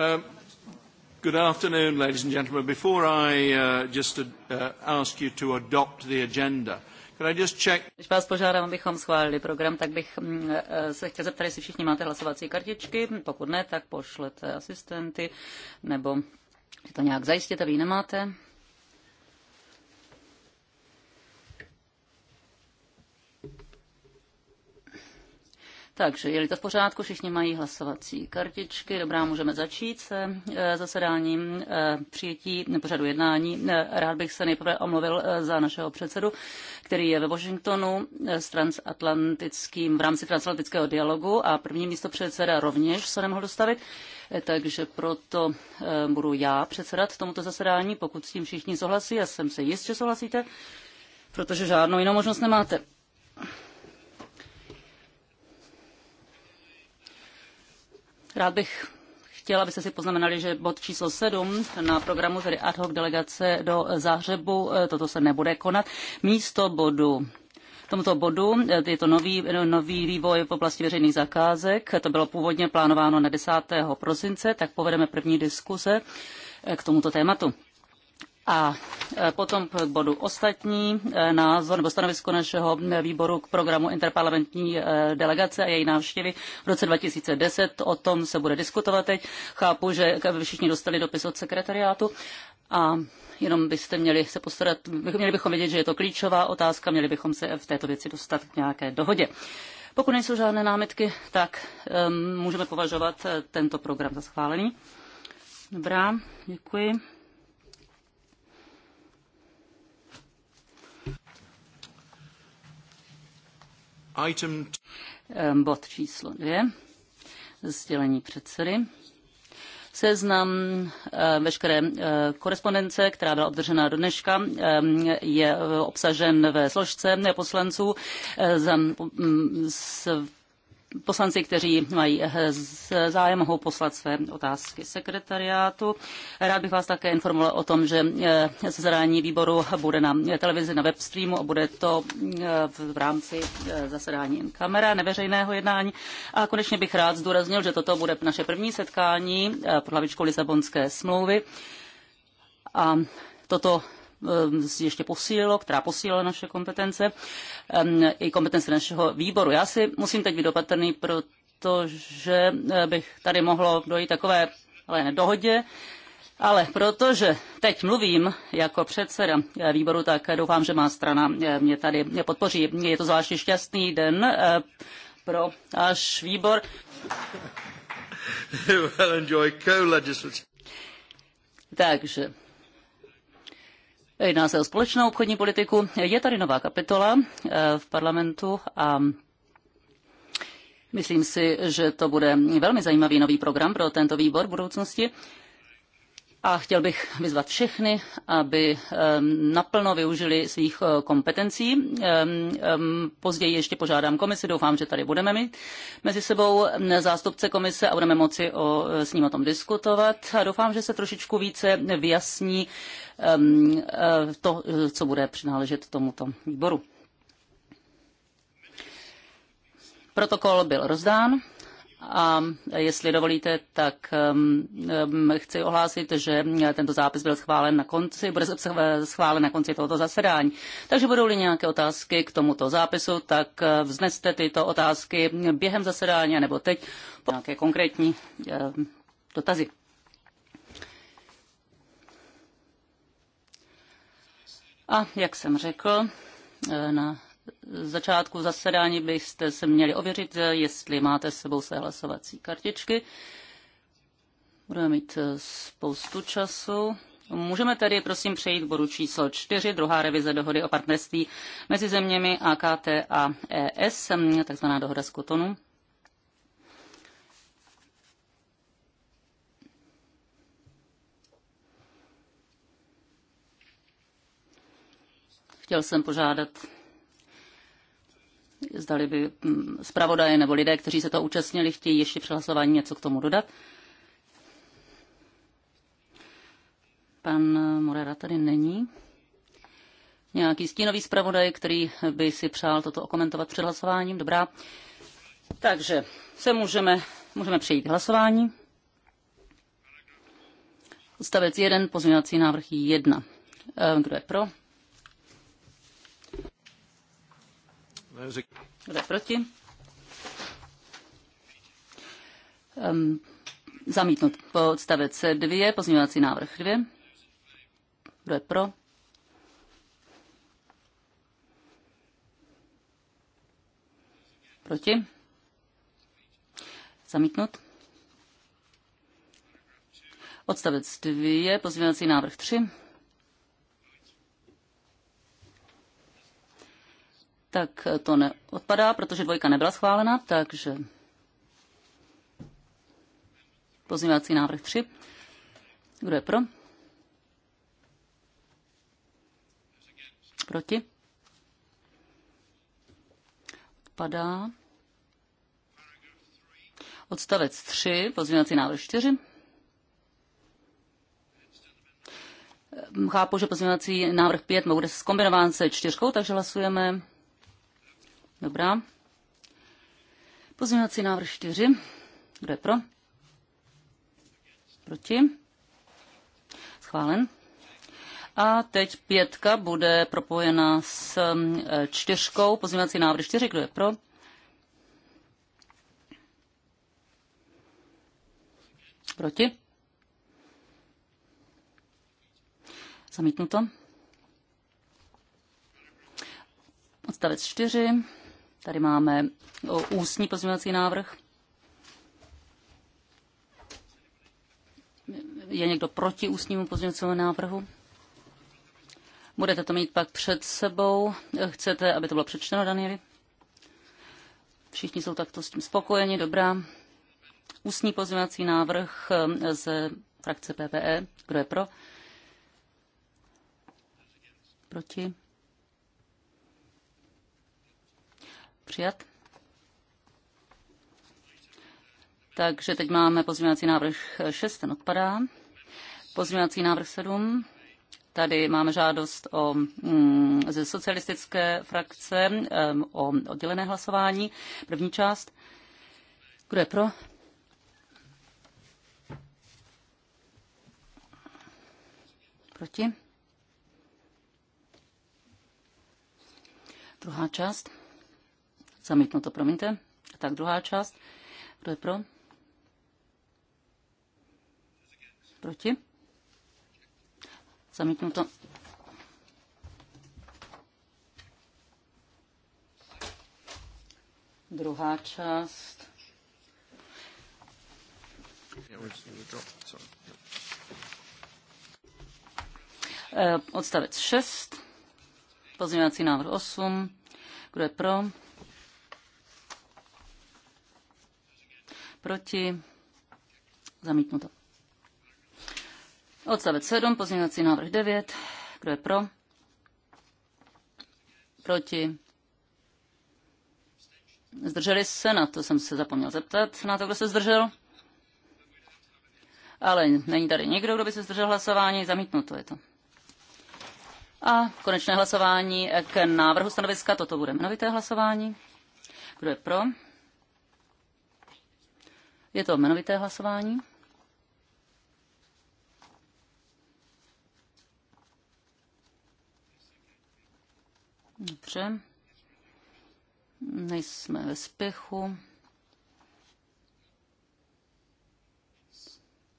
Um, good afternoon, ladies and gentlemen. Before I uh, just uh, ask you to adopt the agenda, could I just check... Když vás požádám, abychom schválili program, tak bych mm, uh, se chtěl zeptat, jestli všichni máte hlasovací kartičky. Pokud ne, tak pošlete asistenty nebo že to nějak zajistěte, vy nemáte. Takže je-li to v pořádku, všichni mají hlasovací kartičky. Dobrá, můžeme začít se e, zasedáním e, přijetí pořadu jednání. E, rád bych se nejprve omluvil za našeho předsedu, který je ve Washingtonu s transatlantickým, v rámci transatlantického dialogu a první místo předseda rovněž se nemohl dostavit. Takže proto budu já předsedat tomuto zasedání, pokud s tím všichni souhlasí. Já jsem se jist, že souhlasíte, protože žádnou jinou možnost nemáte. Rád bych chtěla, abyste si poznamenali, že bod číslo 7 na programu, tedy ad hoc delegace do Záhřebu, e, toto se nebude konat. Místo bodu tomuto bodu. E, je to nový, e, nový vývoj v oblasti veřejných zakázek. To bylo původně plánováno na 10. prosince, tak povedeme první diskuse k tomuto tématu. A e, potom k bodu ostatní e, názor nebo stanovisko našeho výboru k programu interparlamentní e, delegace a její návštěvy v roce 2010. O tom se bude diskutovat teď. Chápu, že všichni dostali dopis od sekretariátu a jenom byste měli se postarat, měli bychom vědět, že je to klíčová otázka, měli bychom se v této věci dostat k nějaké dohodě. Pokud nejsou žádné námitky, tak um, můžeme považovat tento program za schválený. Dobrá, děkuji. Item... Ehm, bod číslo dvě, sdělení předsedy seznam ehm, veškeré ehm, korespondence, která byla obdržena do dneška, je e, obsažen ve složce poslanců. Poslanci, kteří mají eh, zájem, mohou poslat své otázky sekretariátu. Rád bych vás také informoval o tom, že eh, zasedání výboru bude na televizi, na webstreamu a bude to eh, v rámci zasedání in kamera, neveřejného jednání. A konečně bych rád zdůraznil, že toto bude naše první setkání pod hlavičkou Lisabonské smlouvy. A toto Eh, ještě posílilo, která posílila naše kompetence eh, i kompetence našeho výboru. Já si musím teď být opatrný, protože eh, bych tady mohlo dojít takové ale dohodě, ale protože teď mluvím jako předseda výboru, tak doufám, že má strana mě tady podpoří. Je to zvláště šťastný den pro náš výbor. Takže jedná se o společnou obchodní politiku. Je tady nová kapitola eh, v parlamentu a myslím si, že to bude velmi zajímavý nový program pro tento výbor v budoucnosti a chtěl bych vyzvat všechny, aby naplno využili svých eh, kompetencí. Později ještě požádám komisi, doufám, že tady budeme mít mezi sebou zástupce komise a budeme moci o, eh, s ním o tom diskutovat. A doufám, že se trošičku více vyjasní eh, to, co bude přináležet tomuto výboru. Protokol byl rozdán. A jestli dovolíte, tak um, um, chci ohlásit, že tento zápis byl schválen na konci, bude schválen na konci tohoto zasedání. Takže budou-li nějaké otázky k tomuto zápisu, tak uh, vzneste tyto otázky během zasedání nebo teď po nějaké konkrétní uh, dotazy. A jak jsem řekl, uh, na začátku zasedání byste se měli ověřit, jestli máte s sebou své hlasovací kartičky. Budeme mít eh, spoustu času. Můžeme tedy prosím přejít k bodu číslo 4, druhá revize dohody o partnerství mezi zeměmi AKT a ES, takzvaná dohoda z Kotonu. Chtěl jsem požádat zdali by mm, zpravodaje nebo lidé, kteří se to účastnili, chtějí ještě při hlasování něco k tomu dodat. Pan Morera tady není. Nějaký stínový zpravodaj, který by si přál toto okomentovat před hlasováním? Dobrá. Takže se můžeme, můžeme přejít k hlasování. Odstavec 1, pozměňovací návrh 1. Eh, kdo je pro? Kdo proti? Um, zamítnut. Po odstavec 2, pozměňovací návrh 2. Kdo je pro? Proti? Zamítnut. Odstavec 2, pozměňovací návrh 3. tak to neodpadá, protože dvojka nebyla schválena, takže pozměňovací návrh 3. Kdo je pro? Proti? Odpadá. Odstavec 3, pozměňovací návrh 4. Chápu, že pozměňovací návrh 5 bude zkombinován se čtyřkou, takže hlasujeme Dobrá. Pozměňovací návrh 4. Kdo je pro? Proti? Schválen. A teď pětka bude propojena s um, čtyřkou. Pozměňovací návrh 4. Kdo je pro? Proti? Zamítnuto. Odstavec 4. Tady máme ústní pozměňovací návrh. Je někdo proti ústnímu pozměňovacímu návrhu? Budete to mít pak před sebou. Chcete, aby to bylo přečteno, Danieli? Všichni jsou takto s tím spokojeni, dobrá. Ústní pozměňovací návrh um, z frakce PPE. Kdo je pro? Proti? Přijat. Takže teď máme pozměňovací návrh 6, ten odpadá. Pozměňovací návrh 7. Tady máme žádost o, mm, ze socialistické frakce mm, o oddělené hlasování. První část. Kdo je pro? Proti? Druhá část. Zamítnuto, promiňte. Tak druhá část. Kdo je pro? Proti? Zamítnuto. Druhá část. Eh, odstavec 6, pozměňovací návrh 8. Kdo je pro? proti, zamítnuto. Odstavec 7, pozměňovací návrh 9, kdo je pro, proti, zdrželi se, na to jsem se zapomněl zeptat, na to, kdo se zdržel, ale není tady nikdo, kdo by se zdržel hlasování, zamítnuto je to. A konečné hlasování k návrhu stanoviska, toto bude jmenovité hlasování. Kdo je pro? Je to jmenovité hlasování. Dobře. Nejsme ve spěchu.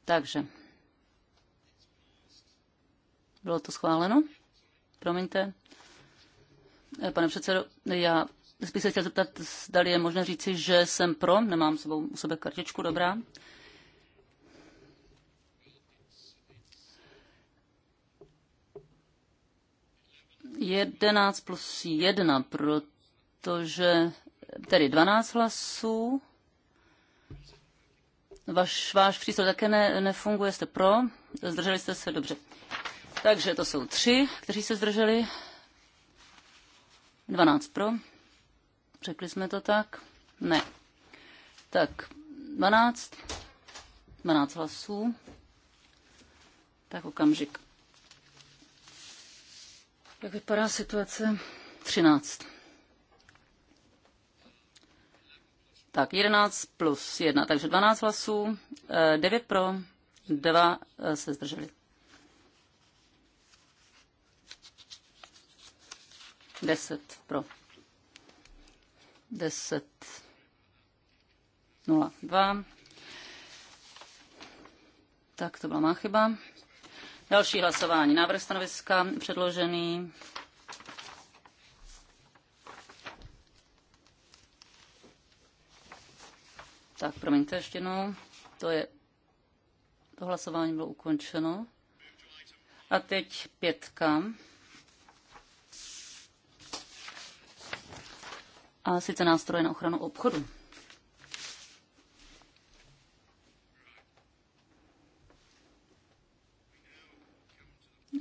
Takže. Bylo to schváleno? Promiňte. Pane předsedo, já bych se chtěl zeptat, zdali je možné říci, že jsem pro, nemám sebou, u sebe kartičku, dobrá. Jedenáct plus jedna, protože tedy dvanáct hlasů. Vaš, váš přístroj také ne, nefunguje, jste pro, zdrželi jste se, dobře. Takže to jsou tři, kteří se zdrželi. 12 pro. Řekli jsme to tak? Ne. Tak, 12. 12 hlasů. Tak okamžik. Jak vypadá situace? 13. Tak 11 plus 1, takže 12 hlasů, 9 eh, pro, 2 eh, se zdrželi. 10 pro. 10.02. Tak to byla má chyba. Další hlasování. Návrh stanoviska předložený. Tak, promiňte ještě jednou. To je... To hlasování bylo ukončeno. A teď pětka. a sice nástroje na ochranu obchodu.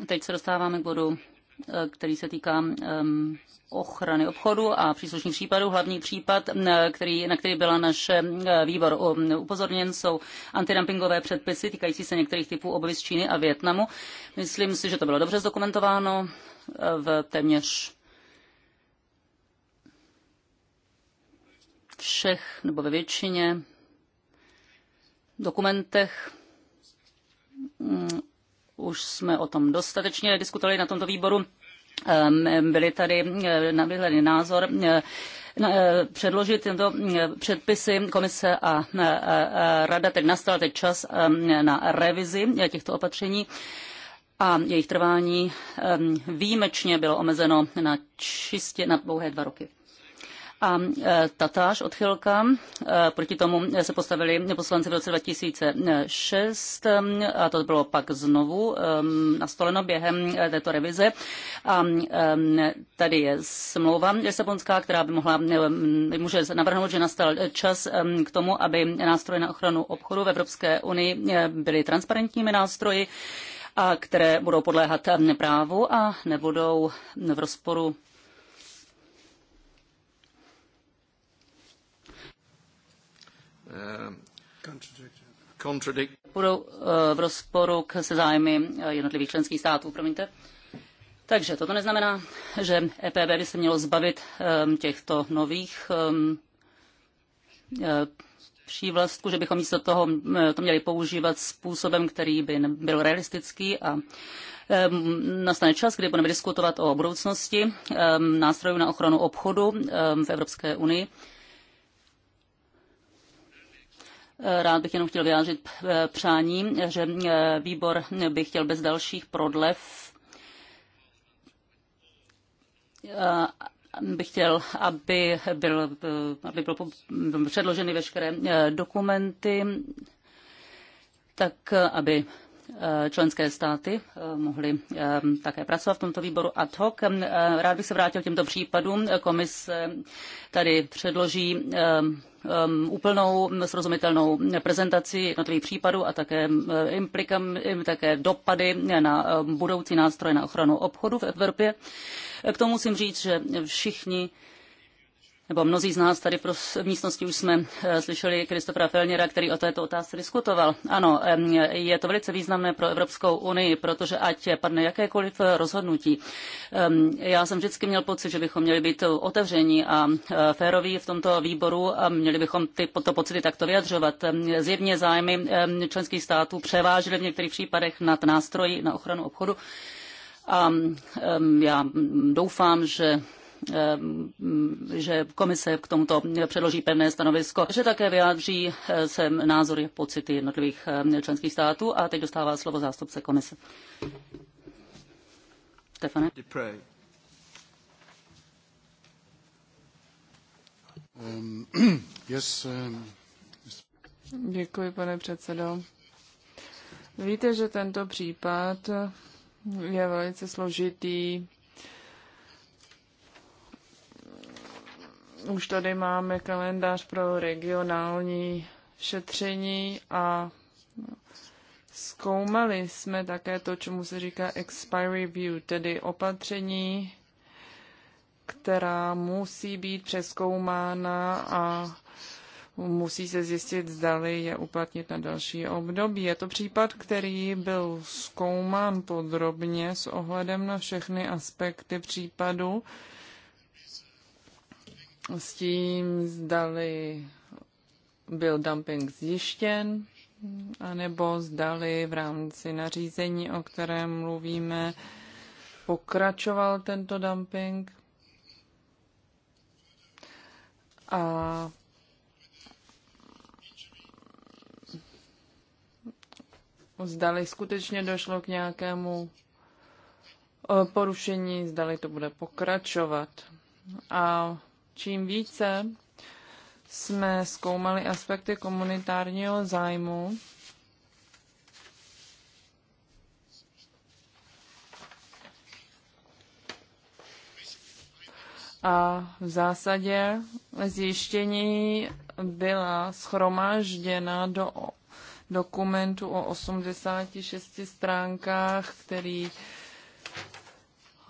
Teď se dostáváme k bodu, eh, který se týká ehm, ochrany obchodu a příslušných případů. Hlavní případ, který, na který byla naše výbor um, upozorněn, jsou antidumpingové předpisy týkající se některých typů obuvi z Číny a Větnamu. Myslím si, že to bylo dobře zdokumentováno eh, v téměř všech nebo ve většině dokumentech mm, už jsme o tom dostatečně diskutovali na tomto výboru. Ehm, byly tady eh, vyhledný názor eh, eh, předložit tyto předpisy komise a rada. Teď nastal teď čas ehm, na revizi těchto opatření a jejich trvání ehm, výjimečně bylo omezeno na čistě na dlouhé dva roky. A e, tatáž odchylka, e, proti tomu se postavili poslanci v roce 2006 e, a to bylo pak znovu nastoleno během této revize. A tady je smlouva Lisabonská, která by mohla, může navrhnout, že nastal čas k tomu, aby nástroje na ochranu obchodu v Evropské unii byly transparentními nástroji, a které budou podléhat právu a nebudou v rozporu Eh, contradict. budou eh, v rozporu k se zájmy eh, jednotlivých členských států. Promiňte. Takže toto neznamená, že EPB by se mělo zbavit těchto nových přívlastků, že bychom místo toho to měli používat způsobem, který by byl realistický a nastane čas, kdy budeme diskutovat o budoucnosti nástrojů na ochranu obchodu v Evropské unii. Rád bych jenom chtěl vyjádřit eh, přání, že eh, výbor by chtěl bez dalších prodlev eh, bych chtěl, aby, byl, aby byl předloženy veškeré dokumenty, tak aby Eh, členské státy eh, mohly eh, také pracovat v tomto výboru ad hoc. Rád bych se vrátil k těmto případům. Komise tady předloží úplnou srozumitelnou prezentaci jednotlivých případů a také, implikam, také dopady na budoucí nástroje na ochranu obchodu v Evropě. K tomu musím říct, že všichni nebo mnozí z nás tady v místnosti už jsme eh, slyšeli Kristofra Felněra, který o této otázce diskutoval. Ano, je to velice významné pro Evropskou unii, protože ať padne jakékoliv rozhodnutí. Já jsem vždycky měl pocit, že bychom měli být otevření a eh, féroví v tomto výboru a měli bychom ty, to pocity takto vyjadřovat. Zjevně zájmy členských států převážily v některých případech nad nástroji na ochranu obchodu. A já doufám, že Eh, že komise k tomuto předloží pevné stanovisko, že také vyjádří eh, sem názory, pocity jednotlivých eh, členských států a teď dostává slovo zástupce komise. Stefane. Um, Děkuji, pane předsedo. Víte, že tento případ je velice složitý Už tady máme kalendář pro regionální šetření a zkoumali jsme také to, čemu se říká expiry view, tedy opatření, která musí být přeskoumána a musí se zjistit, zdali je uplatnit na další období. Je to případ, který byl zkoumán podrobně s ohledem na všechny aspekty případu s tím, zdali byl dumping zjištěn, anebo zdali v rámci nařízení, o kterém mluvíme, pokračoval tento dumping. A zdali skutečně došlo k nějakému eh, porušení, zdali to bude pokračovat. A Čím více jsme zkoumali aspekty komunitárního zájmu, A v zásadě zjištění byla schromážděna do dokumentu o 86 stránkách, který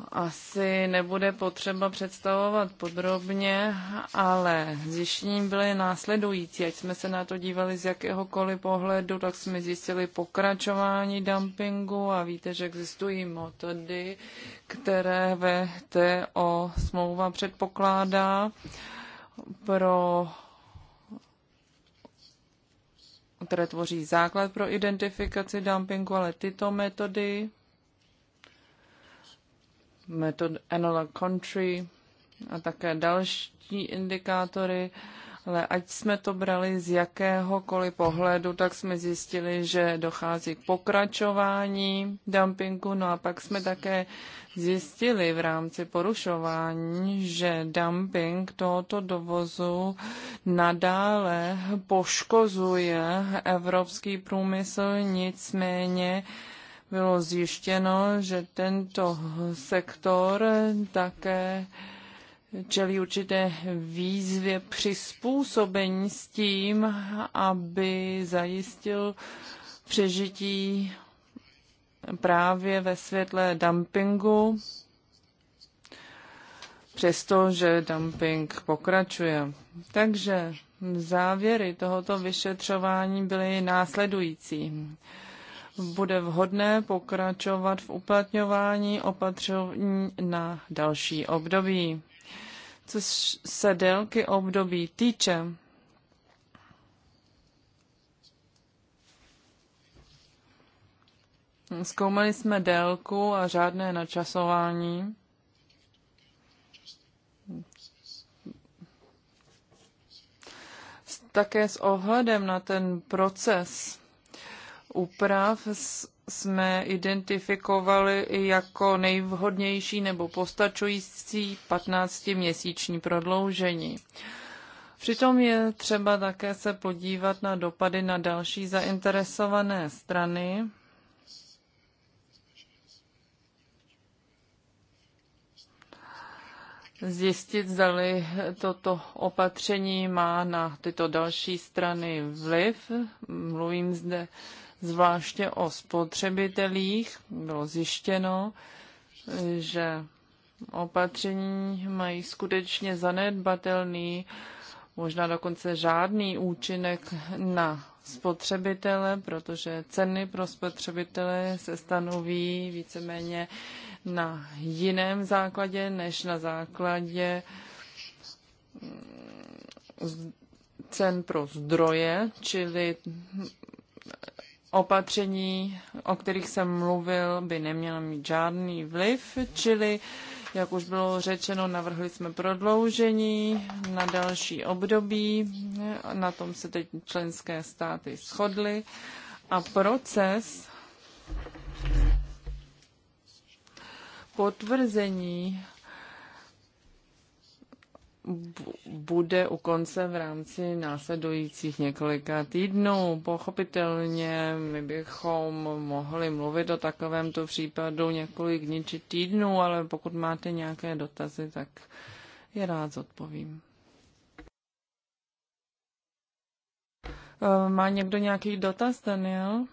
asi nebude potřeba představovat podrobně, ale zjištění byly následující. Ať jsme se na to dívali z jakéhokoliv pohledu, tak jsme zjistili pokračování dumpingu a víte, že existují metody, které VTO smlouva předpokládá pro které tvoří základ pro identifikaci dumpingu, ale tyto metody metod Analog Country a také další indikátory, ale ať jsme to brali z jakéhokoliv pohledu, tak jsme zjistili, že dochází k pokračování dumpingu. No a pak jsme také zjistili v rámci porušování, že dumping tohoto dovozu nadále poškozuje evropský průmysl, nicméně bylo zjištěno, že tento sektor také čelí určité výzvě přizpůsobení s tím, aby zajistil přežití právě ve světle dumpingu, přestože dumping pokračuje. Takže závěry tohoto vyšetřování byly následující bude vhodné pokračovat v uplatňování opatření na další období. Co se délky období týče, Zkoumali jsme délku a řádné načasování. Také s ohledem na ten proces úprav jsme identifikovali jako nejvhodnější nebo postačující 15-měsíční prodloužení. Přitom je třeba také se podívat na dopady na další zainteresované strany, zjistit, zdali toto opatření má na tyto další strany vliv. Mluvím zde zvláště o spotřebitelích. Bylo zjištěno, že opatření mají skutečně zanedbatelný, možná dokonce žádný účinek na spotřebitele, protože ceny pro spotřebitele se stanoví víceméně na jiném základě než na základě mm, cen pro zdroje, čili opatření, o kterých jsem mluvil, by nemělo mít žádný vliv, čili, jak už bylo řečeno, navrhli jsme prodloužení na další období, na tom se teď členské státy shodly a proces potvrzení bude u konce v rámci následujících několika týdnů. Pochopitelně my bychom mohli mluvit o takovémto případu několik dní či týdnů, ale pokud máte nějaké dotazy, tak je rád zodpovím. Má někdo nějaký dotaz, Daniel?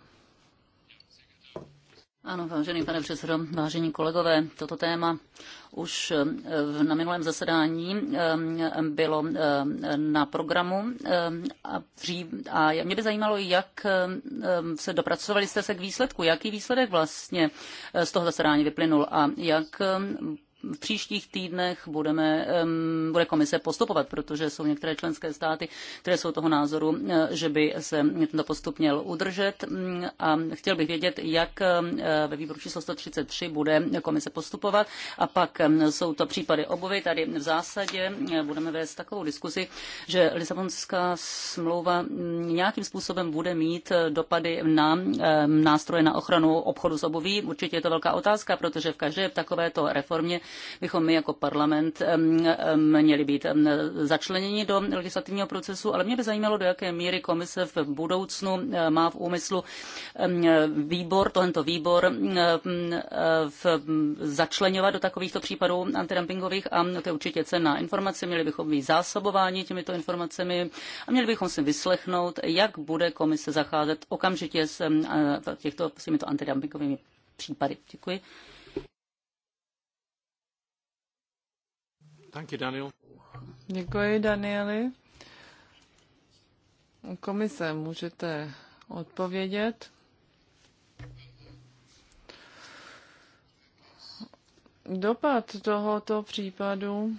Ano, vážený pane předsedo, vážení kolegové, toto téma už eh, na minulém zasedání eh, bylo eh, na programu a mě by zajímalo, jak se dopracovali jste se k výsledku, jaký výsledek vlastně z toho zasedání vyplynul a jak v příštích týdnech budeme, bude komise postupovat, protože jsou některé členské státy, které jsou toho názoru, že by se tento postup měl udržet. A chtěl bych vědět, jak ve výboru číslo 133 bude komise postupovat. A pak jsou to případy obovy. Tady v zásadě budeme vést takovou diskusi, že Lisabonská smlouva nějakým způsobem bude mít eh, dopady na nástroje na ochranu obchodu s obuví. Určitě je to velká otázka, protože v každé takovéto reformě bychom my jako parlament měli být začleněni do legislativního procesu, ale mě by zajímalo, do jaké míry komise v budoucnu má v úmyslu výbor, tento výbor v začlenovat do takovýchto případů antidumpingových a to je určitě cenná informace. Měli bychom být zásobováni těmito informacemi a měli bychom si vyslechnout, jak bude komise zacházet okamžitě s, těchto, s těmito antidumpingovými případy. Děkuji. Děkuji, Daniel. Děkuji, Danieli. Komise, můžete odpovědět? Dopad tohoto případu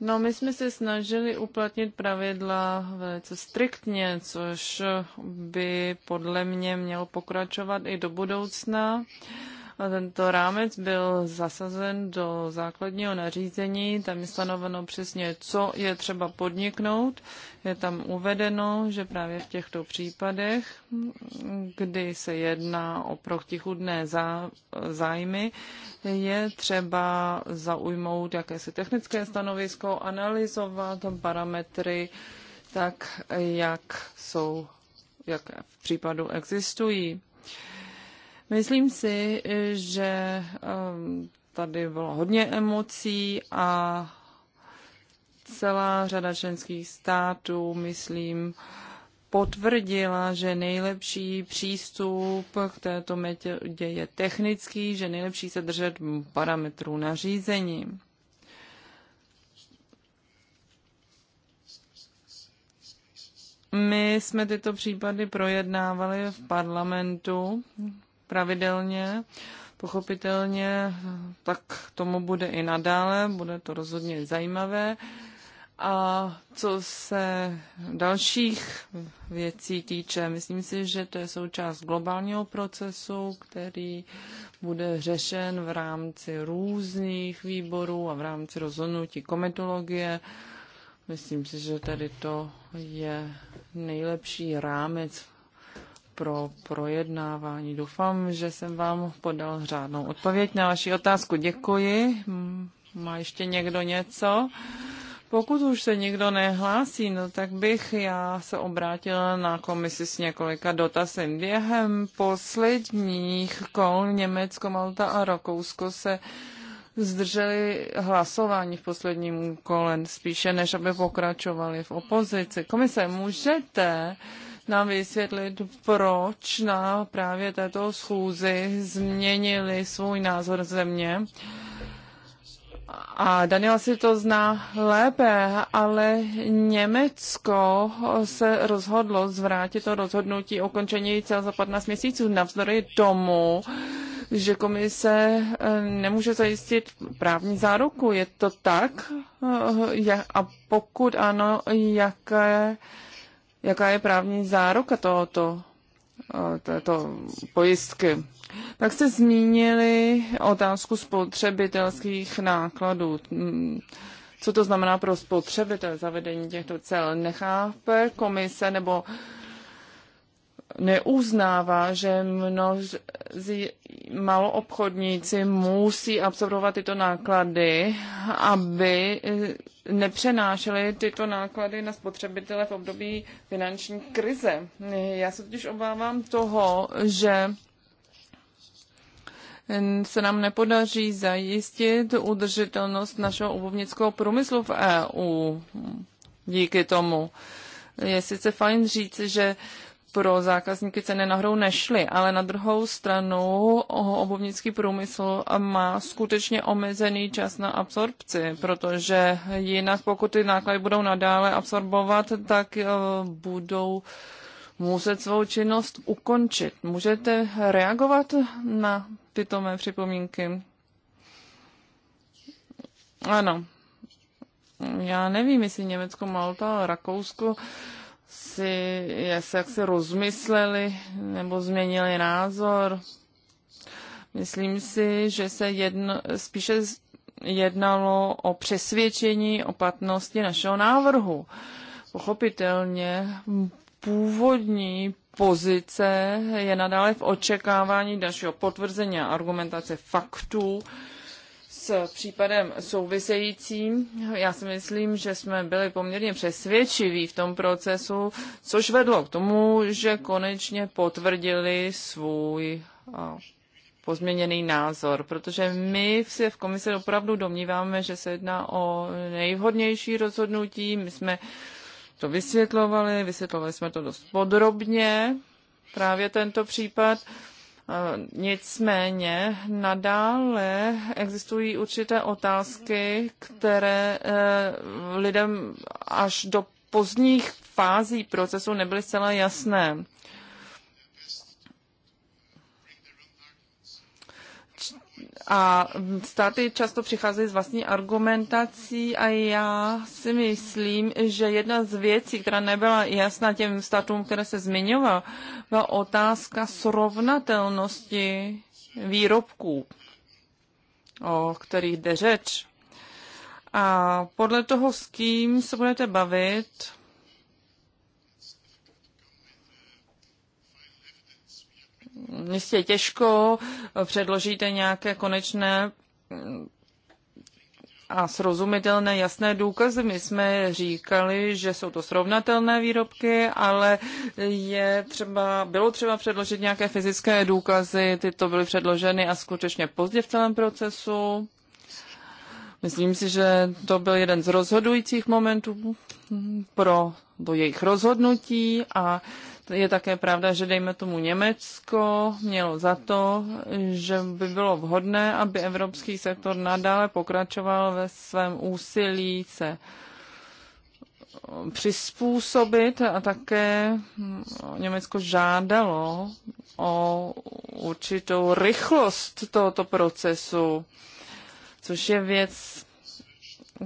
No, my jsme se snažili uplatnit pravidla velice striktně, což by podle mě mělo pokračovat i do budoucna. Uh, tento rámec byl zasazen do základního nařízení, tam je stanoveno přesně, co je třeba podniknout. Je tam uvedeno, že právě v těchto případech, kdy se jedná o protichudné zájmy, je třeba zaujmout jakési technické stanovisko, analyzovat parametry, tak jak jsou, jak v případu existují. Uh, Myslím si, že ehm, tady bylo hodně emocí a celá řada členských států, myslím, potvrdila, že nejlepší přístup k této metě je technický, že nejlepší se držet parametrů nařízení. My jsme tyto případy projednávali v parlamentu pravidelně. Pochopitelně tak tomu bude i nadále, bude to rozhodně zajímavé. A co se dalších věcí týče, myslím si, že to je součást globálního procesu, který bude řešen v rámci různých výborů a v rámci rozhodnutí kometologie. Myslím si, že tady to je nejlepší rámec pro projednávání. Doufám, že jsem vám podal řádnou odpověď na vaši otázku. Děkuji. Má ještě někdo něco? Pokud už se nikdo nehlásí, no tak bych já se obrátila na komisi s několika dotazem. Během posledních kol Německo, Malta a Rakousko se zdrželi hlasování v posledním kole, spíše než aby pokračovali v opozici. Komise, můžete uh, nám vysvětlit, proč na právě této schůzi změnili svůj názor země. A Daniel si to zná lépe, ale Německo se rozhodlo zvrátit to rozhodnutí o končení cel za 15 měsíců navzdory tomu, že komise eh, nemůže zajistit právní záruku. Je to tak? Eh, a pokud ano, jaké jaká je právní záruka tohoto eh, této pojistky. Pak jste zmínili otázku spotřebitelských nákladů. Mm, co to znamená pro spotřebitel zavedení těchto cel? Nechápe komise nebo uh, neuznává, že mnozí maloobchodníci musí absorbovat tyto náklady, aby nepřenášeli tyto náklady na spotřebitele v období finanční krize. Já se totiž obávám toho, že se nám nepodaří zajistit udržitelnost našeho obuvnického průmyslu v EU díky tomu. Je sice fajn říct, že pro zákazníky ceny nahoru nešly, ale na druhou stranu obovnický průmysl má skutečně omezený čas na absorpci, protože jinak pokud ty náklady budou nadále absorbovat, tak eh, budou muset svou činnost ukončit. Můžete reagovat na tyto mé připomínky? Ano. Já nevím, jestli Německo, Malta, Rakousko si jaksi rozmysleli nebo změnili názor. Myslím si, že se jedno, spíše jednalo o přesvědčení opatnosti našeho návrhu. Pochopitelně původní pozice je nadále v očekávání dalšího potvrzení a argumentace faktů s případem souvisejícím. Já si myslím, že jsme byli poměrně přesvědčiví v tom procesu, což vedlo k tomu, že konečně potvrdili svůj pozměněný názor, protože my se v komise opravdu domníváme, že se jedná o nejvhodnější rozhodnutí. My jsme to vysvětlovali, vysvětlovali jsme to dost podrobně, právě tento případ. Nicméně nadále existují určité otázky, které eh, lidem až do pozdních fází procesu nebyly zcela jasné. A státy často přicházejí s vlastní argumentací a já si myslím, že jedna z věcí, která nebyla jasná těm státům, které se zmiňoval, byla otázka srovnatelnosti výrobků, o kterých jde řeč. A podle toho, s kým se budete bavit, jistě těžko, eh, předložíte nějaké konečné mm, a srozumitelné jasné důkazy. My jsme říkali, že jsou to srovnatelné výrobky, ale je třeba, bylo třeba předložit nějaké fyzické důkazy, tyto byly předloženy a skutečně pozdě v celém procesu. Myslím si, že to byl jeden z rozhodujících momentů mm, pro do jejich rozhodnutí a uh, je také pravda, že dejme tomu Německo mělo za to, že by bylo vhodné, aby evropský sektor nadále pokračoval ve svém úsilí se přizpůsobit a také Německo žádalo o určitou rychlost tohoto procesu, což je věc,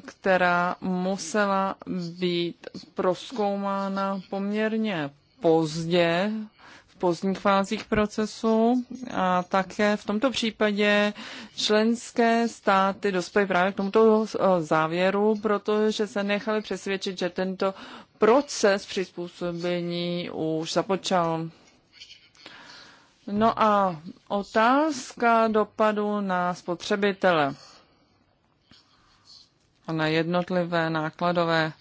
která musela být proskoumána poměrně pozdě, v pozdních fázích procesu a také v tomto případě členské státy dospěly právě k tomuto eh, závěru, protože se nechali přesvědčit, že tento proces přizpůsobení už započal. No a otázka dopadu na spotřebitele a na jednotlivé nákladové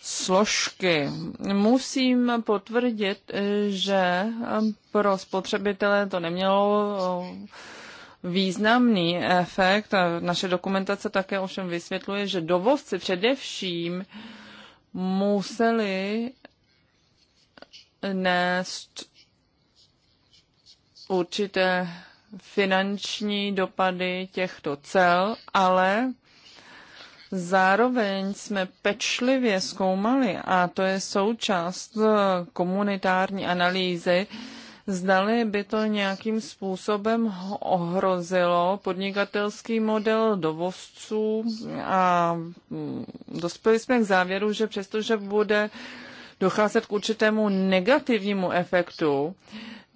složky. Musím potvrdit, že pro spotřebitele to nemělo významný efekt. Naše dokumentace také ovšem vysvětluje, že dovozci především museli nést určité finanční dopady těchto cel, ale Zároveň jsme pečlivě zkoumali, a to je součást eh, komunitární analýzy, zdali by to nějakým způsobem ohrozilo podnikatelský model dovozců a mm, dospěli jsme k závěru, že přestože bude docházet k určitému negativnímu efektu,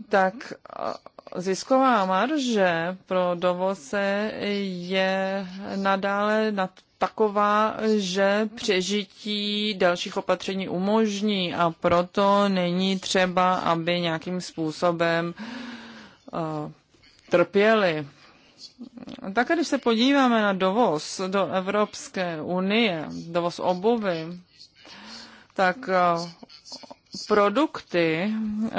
tak eh, zisková marže pro dovozce je nadále nad taková, že přežití dalších opatření umožní a proto není třeba, aby nějakým způsobem uh, trpěli. Tak když se podíváme na dovoz do Evropské unie, dovoz obovy, tak eh, produkty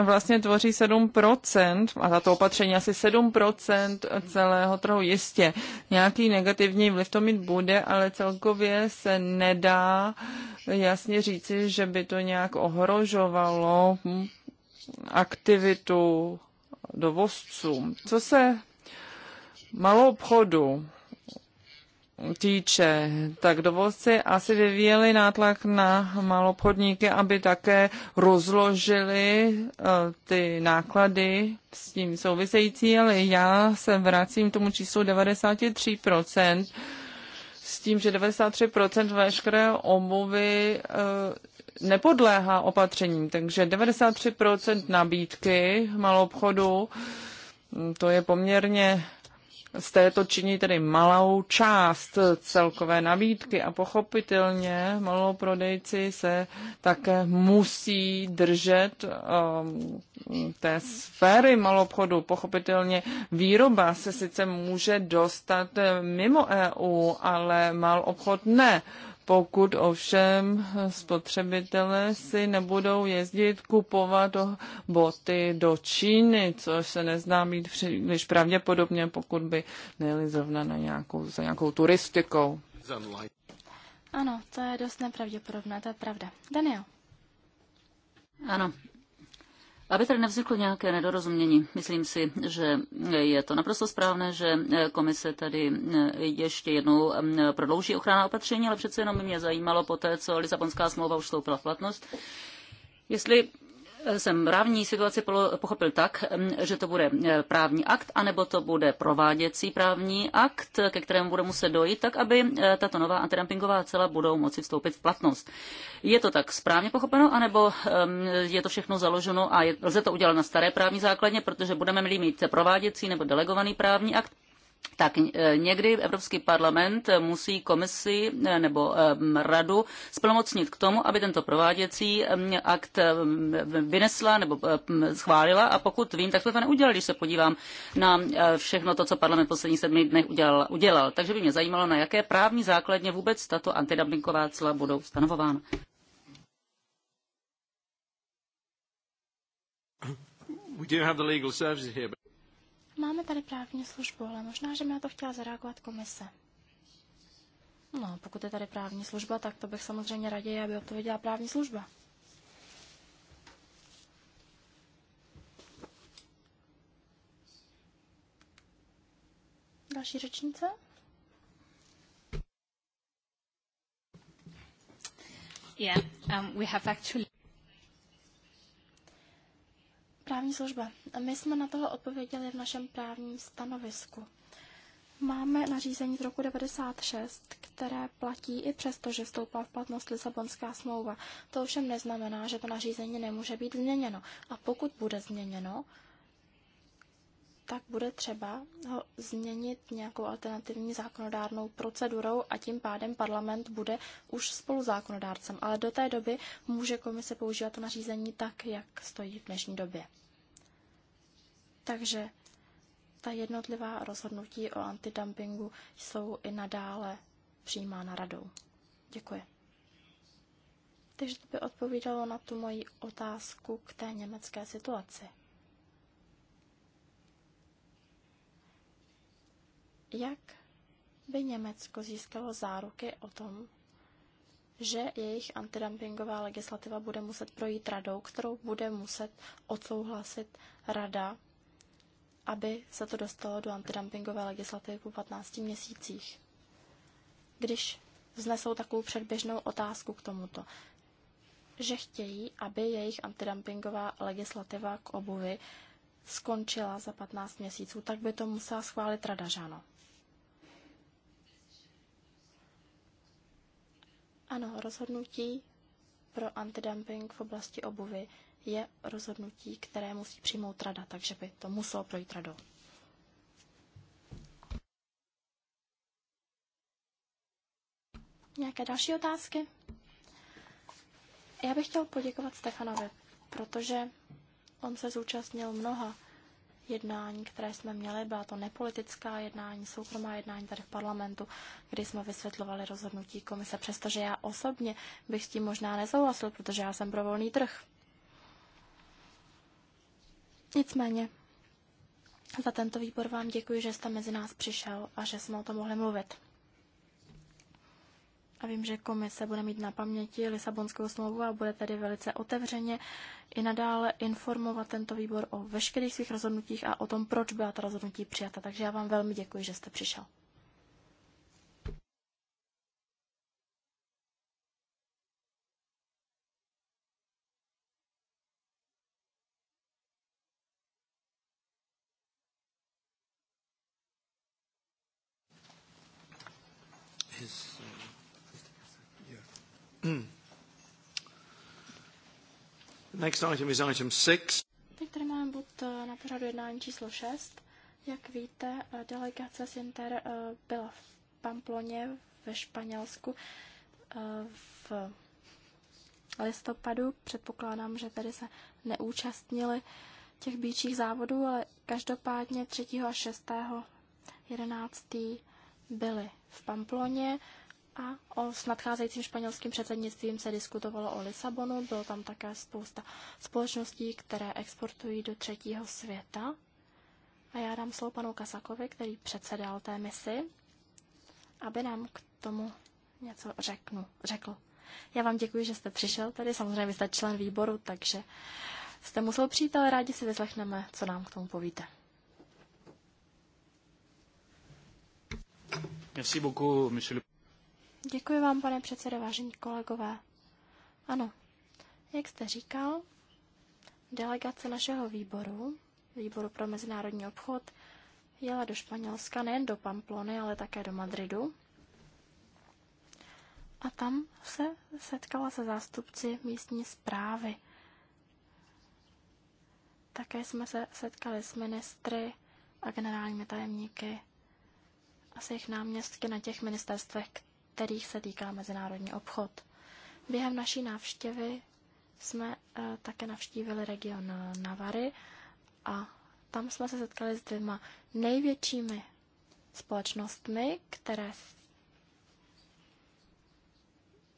vlastně tvoří 7%, a za to opatření asi 7% celého trhu jistě. Nějaký negativní vliv to mít bude, ale celkově se nedá jasně říci, že by to nějak ohrožovalo aktivitu dovozců. Co se malou obchodu týče, tak dovolci asi vyvíjeli nátlak na malopodníky, aby také rozložili eh, ty náklady s tím související, ale já se vracím k tomu číslu 93%, s tím, že 93% veškeré omluvy eh, nepodléhá opatřením, takže 93% nabídky obchodu, to je poměrně z této činí tedy malou část celkové nabídky a pochopitelně malou prodejci se také musí držet um, té sféry malobchodu. Pochopitelně výroba se sice může dostat mimo EU, ale malobchod obchod ne pokud ovšem spotřebitelé si nebudou jezdit kupovat boty do Číny, což se nezdá být příliš pravděpodobně, pokud by nejeli zrovna na nějakou, za nějakou turistikou. Ano, to je dost nepravděpodobné, to je pravda. Daniel. Ano, aby tady nevzniklo nějaké nedorozumění, myslím si, že je to naprosto správné, že komise tady ještě jednou mm, prodlouží ochrana opatření, ale přece jenom by mě zajímalo po té, co Lisabonská smlouva už vstoupila v platnost, jestli jsem právní situaci pochopil tak, mm, že to bude e, právní akt, anebo to bude prováděcí právní akt, ke kterému bude muset dojít, tak aby e, tato nová antidumpingová cela budou moci vstoupit v platnost. Je to tak správně pochopeno, anebo mm, je to všechno založeno a je, lze to udělat na staré právní základně, protože budeme mít prováděcí nebo delegovaný právní akt? tak e, někdy Evropský parlament musí komisi e, nebo e, radu splnomocnit k tomu, aby tento prováděcí akt vynesla nebo schválila a pokud vím, tak jsme to neudělali, když se podívám na všechno to, co parlament v posledních sedmi dnech udělal. udělal. Takže by mě zajímalo, na jaké právní základně vůbec tato antidumpingová cla budou stanovována. We do have the legal services here, but... Máme tady právní službu, ale možná, že mi na to chtěla zareagovat komise. No, pokud je tady právní služba, tak to bych samozřejmě raději, aby odpověděla právní služba. Další řečnice? Yeah, um, we have actually právní služba. My jsme na toho odpověděli v našem právním stanovisku. Máme nařízení z roku 96, které platí i přesto, že vstoupila v platnost Lisabonská smlouva. To ovšem neznamená, že to nařízení nemůže být změněno. A pokud bude změněno, tak bude třeba ho změnit nějakou alternativní zákonodárnou procedurou a tím pádem parlament bude už spoluzákonodárcem. Ale do té doby může komise používat to nařízení tak, jak stojí v dnešní době. Takže ta jednotlivá rozhodnutí o antidumpingu jsou i nadále přijímána radou. Děkuji. Takže to by odpovídalo na tu moji otázku k té německé situaci. Jak by Německo získalo záruky o tom, že jejich antidumpingová legislativa bude muset projít radou, kterou bude muset odsouhlasit rada aby se to dostalo do antidumpingové legislativy po 15 měsících. Když vznesou takovou předběžnou otázku k tomuto, že chtějí, aby jejich antidumpingová legislativa k obuvi skončila za 15 měsíců, tak by to musela schválit Rada, žano. Ano, rozhodnutí pro antidumping v oblasti obuvy je rozhodnutí, které musí přijmout rada, takže by to muselo projít radou. Nějaké další otázky? Já bych chtěl poděkovat Stefanovi, protože on se zúčastnil mnoha jednání, které jsme měli. Byla to nepolitická jednání, soukromá jednání tady v parlamentu, kdy jsme vysvětlovali rozhodnutí komise, přestože já osobně bych s tím možná nesouhlasil, protože já jsem pro volný trh. Nicméně za tento výbor vám děkuji, že jste mezi nás přišel a že jsme o tom mohli mluvit. A vím, že komise bude mít na paměti Lisabonskou smlouvu a bude tedy velice otevřeně i nadále informovat tento výbor o veškerých svých rozhodnutích a o tom, proč byla ta rozhodnutí přijata. Takže já vám velmi děkuji, že jste přišel. Next item is item six. Teď tady máme bod eh, na pořadu jednání číslo 6. Jak víte, eh, delegace Sinter eh, byla v Pamploně ve Španělsku v listopadu. Předpokládám, že tady se neúčastnili těch býčích závodů, ale každopádně 3. a 6. 11. byli v Pamploně a o, s nadcházejícím španělským předsednictvím se diskutovalo o Lisabonu. Bylo tam také spousta společností, které exportují do třetího světa. A já dám slovo panu Kasakovi, který předsedal té misi, aby nám k tomu něco řeknu, řekl. Já vám děkuji, že jste přišel tady. Samozřejmě vy jste člen výboru, takže jste musel přijít, ale rádi si vyslechneme, co nám k tomu povíte. Merci beaucoup, monsieur Děkuji vám, pane předsedo, vážení kolegové. Ano, jak jste říkal, delegace našeho výboru, výboru pro mezinárodní obchod, jela do Španělska, nejen do Pamplony, ale také do Madridu. A tam se setkala se zástupci místní zprávy. Také jsme se setkali s ministry a generálními tajemníky a s jejich náměstky na těch ministerstvech, kterých se týká mezinárodní obchod. Během naší návštěvy jsme eh, také navštívili region eh, Navary a tam jsme se setkali s dvěma největšími společnostmi, které,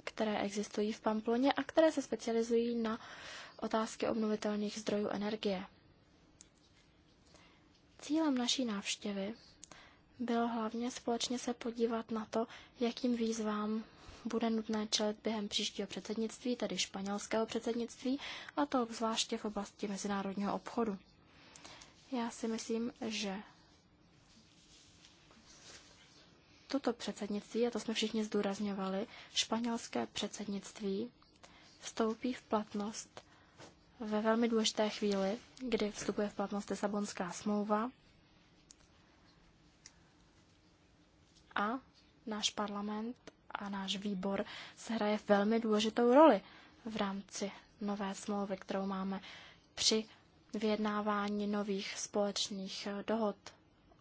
které existují v Pamploně a které se specializují na otázky obnovitelných zdrojů energie. Cílem naší návštěvy bylo hlavně společně se podívat na to, jakým výzvám bude nutné čelit během příštího předsednictví, tedy španělského předsednictví, a to zvláště v oblasti mezinárodního obchodu. Já si myslím, že toto předsednictví, a to jsme všichni zdůrazňovali, španělské předsednictví vstoupí v platnost ve velmi důležité chvíli, kdy vstupuje v platnost Lisabonská smlouva A náš parlament a náš výbor se hraje velmi důležitou roli v rámci nové smlouvy, kterou máme při vyjednávání nových společných eh, dohod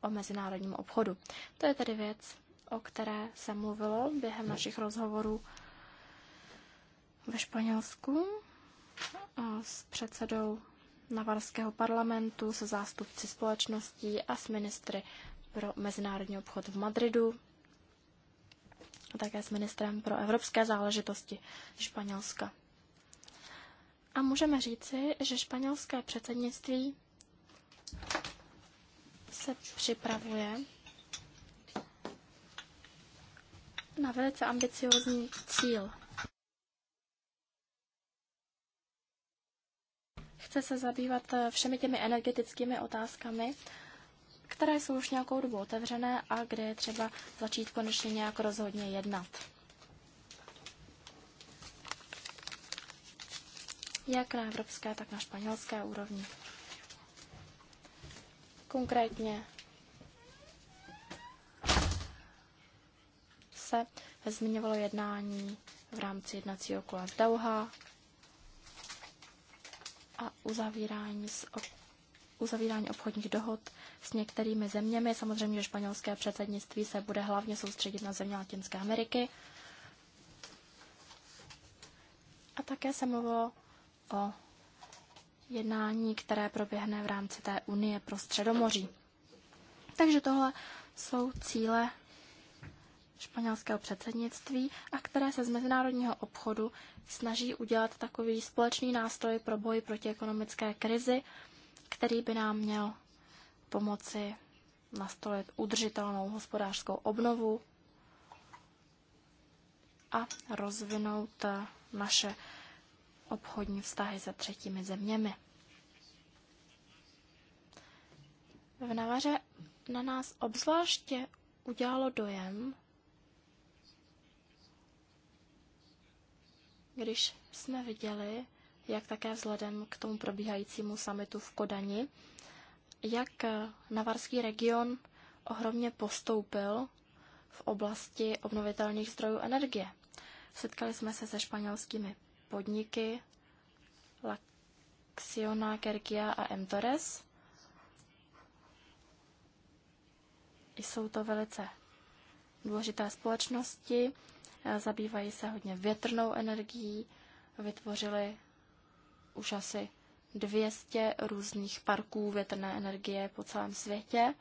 o mezinárodním obchodu. To je tedy věc, o které se mluvilo během našich rozhovorů ve Španělsku eh, s předsedou Navarského parlamentu, se zástupci společností a s ministry pro mezinárodní obchod v Madridu a také s ministrem pro evropské záležitosti Španělska. A můžeme říci, že španělské předsednictví se připravuje na velice ambiciozní cíl. Chce se zabývat eh, všemi těmi energetickými otázkami které jsou už nějakou dobu otevřené a kde je třeba začít konečně nějak rozhodně jednat. Jak na evropské, tak na španělské úrovni. Konkrétně se zmiňovalo jednání v rámci jednacího kola z Dauha a uzavírání s uzavírání obchodních dohod s některými zeměmi. Samozřejmě, že španělské předsednictví se bude hlavně soustředit na země Latinské Ameriky. A také se mluvilo o jednání, které proběhne v rámci té Unie pro Středomoří. Takže tohle jsou cíle španělského předsednictví a které se z mezinárodního obchodu snaží udělat takový společný nástroj pro boj proti ekonomické krizi který by nám měl pomoci nastolit udržitelnou hospodářskou obnovu a rozvinout naše obchodní vztahy se třetími zeměmi. V Navaře na nás obzvláště udělalo dojem, když jsme viděli, jak také vzhledem k tomu probíhajícímu samitu v Kodani, jak navarský region ohromně postoupil v oblasti obnovitelných zdrojů energie. Setkali jsme se se španělskými podniky Laxiona, Kerkia a Emtores. Jsou to velice důležité společnosti, zabývají se hodně větrnou energií, vytvořili už asi 200 různých parků větrné energie po celém světě.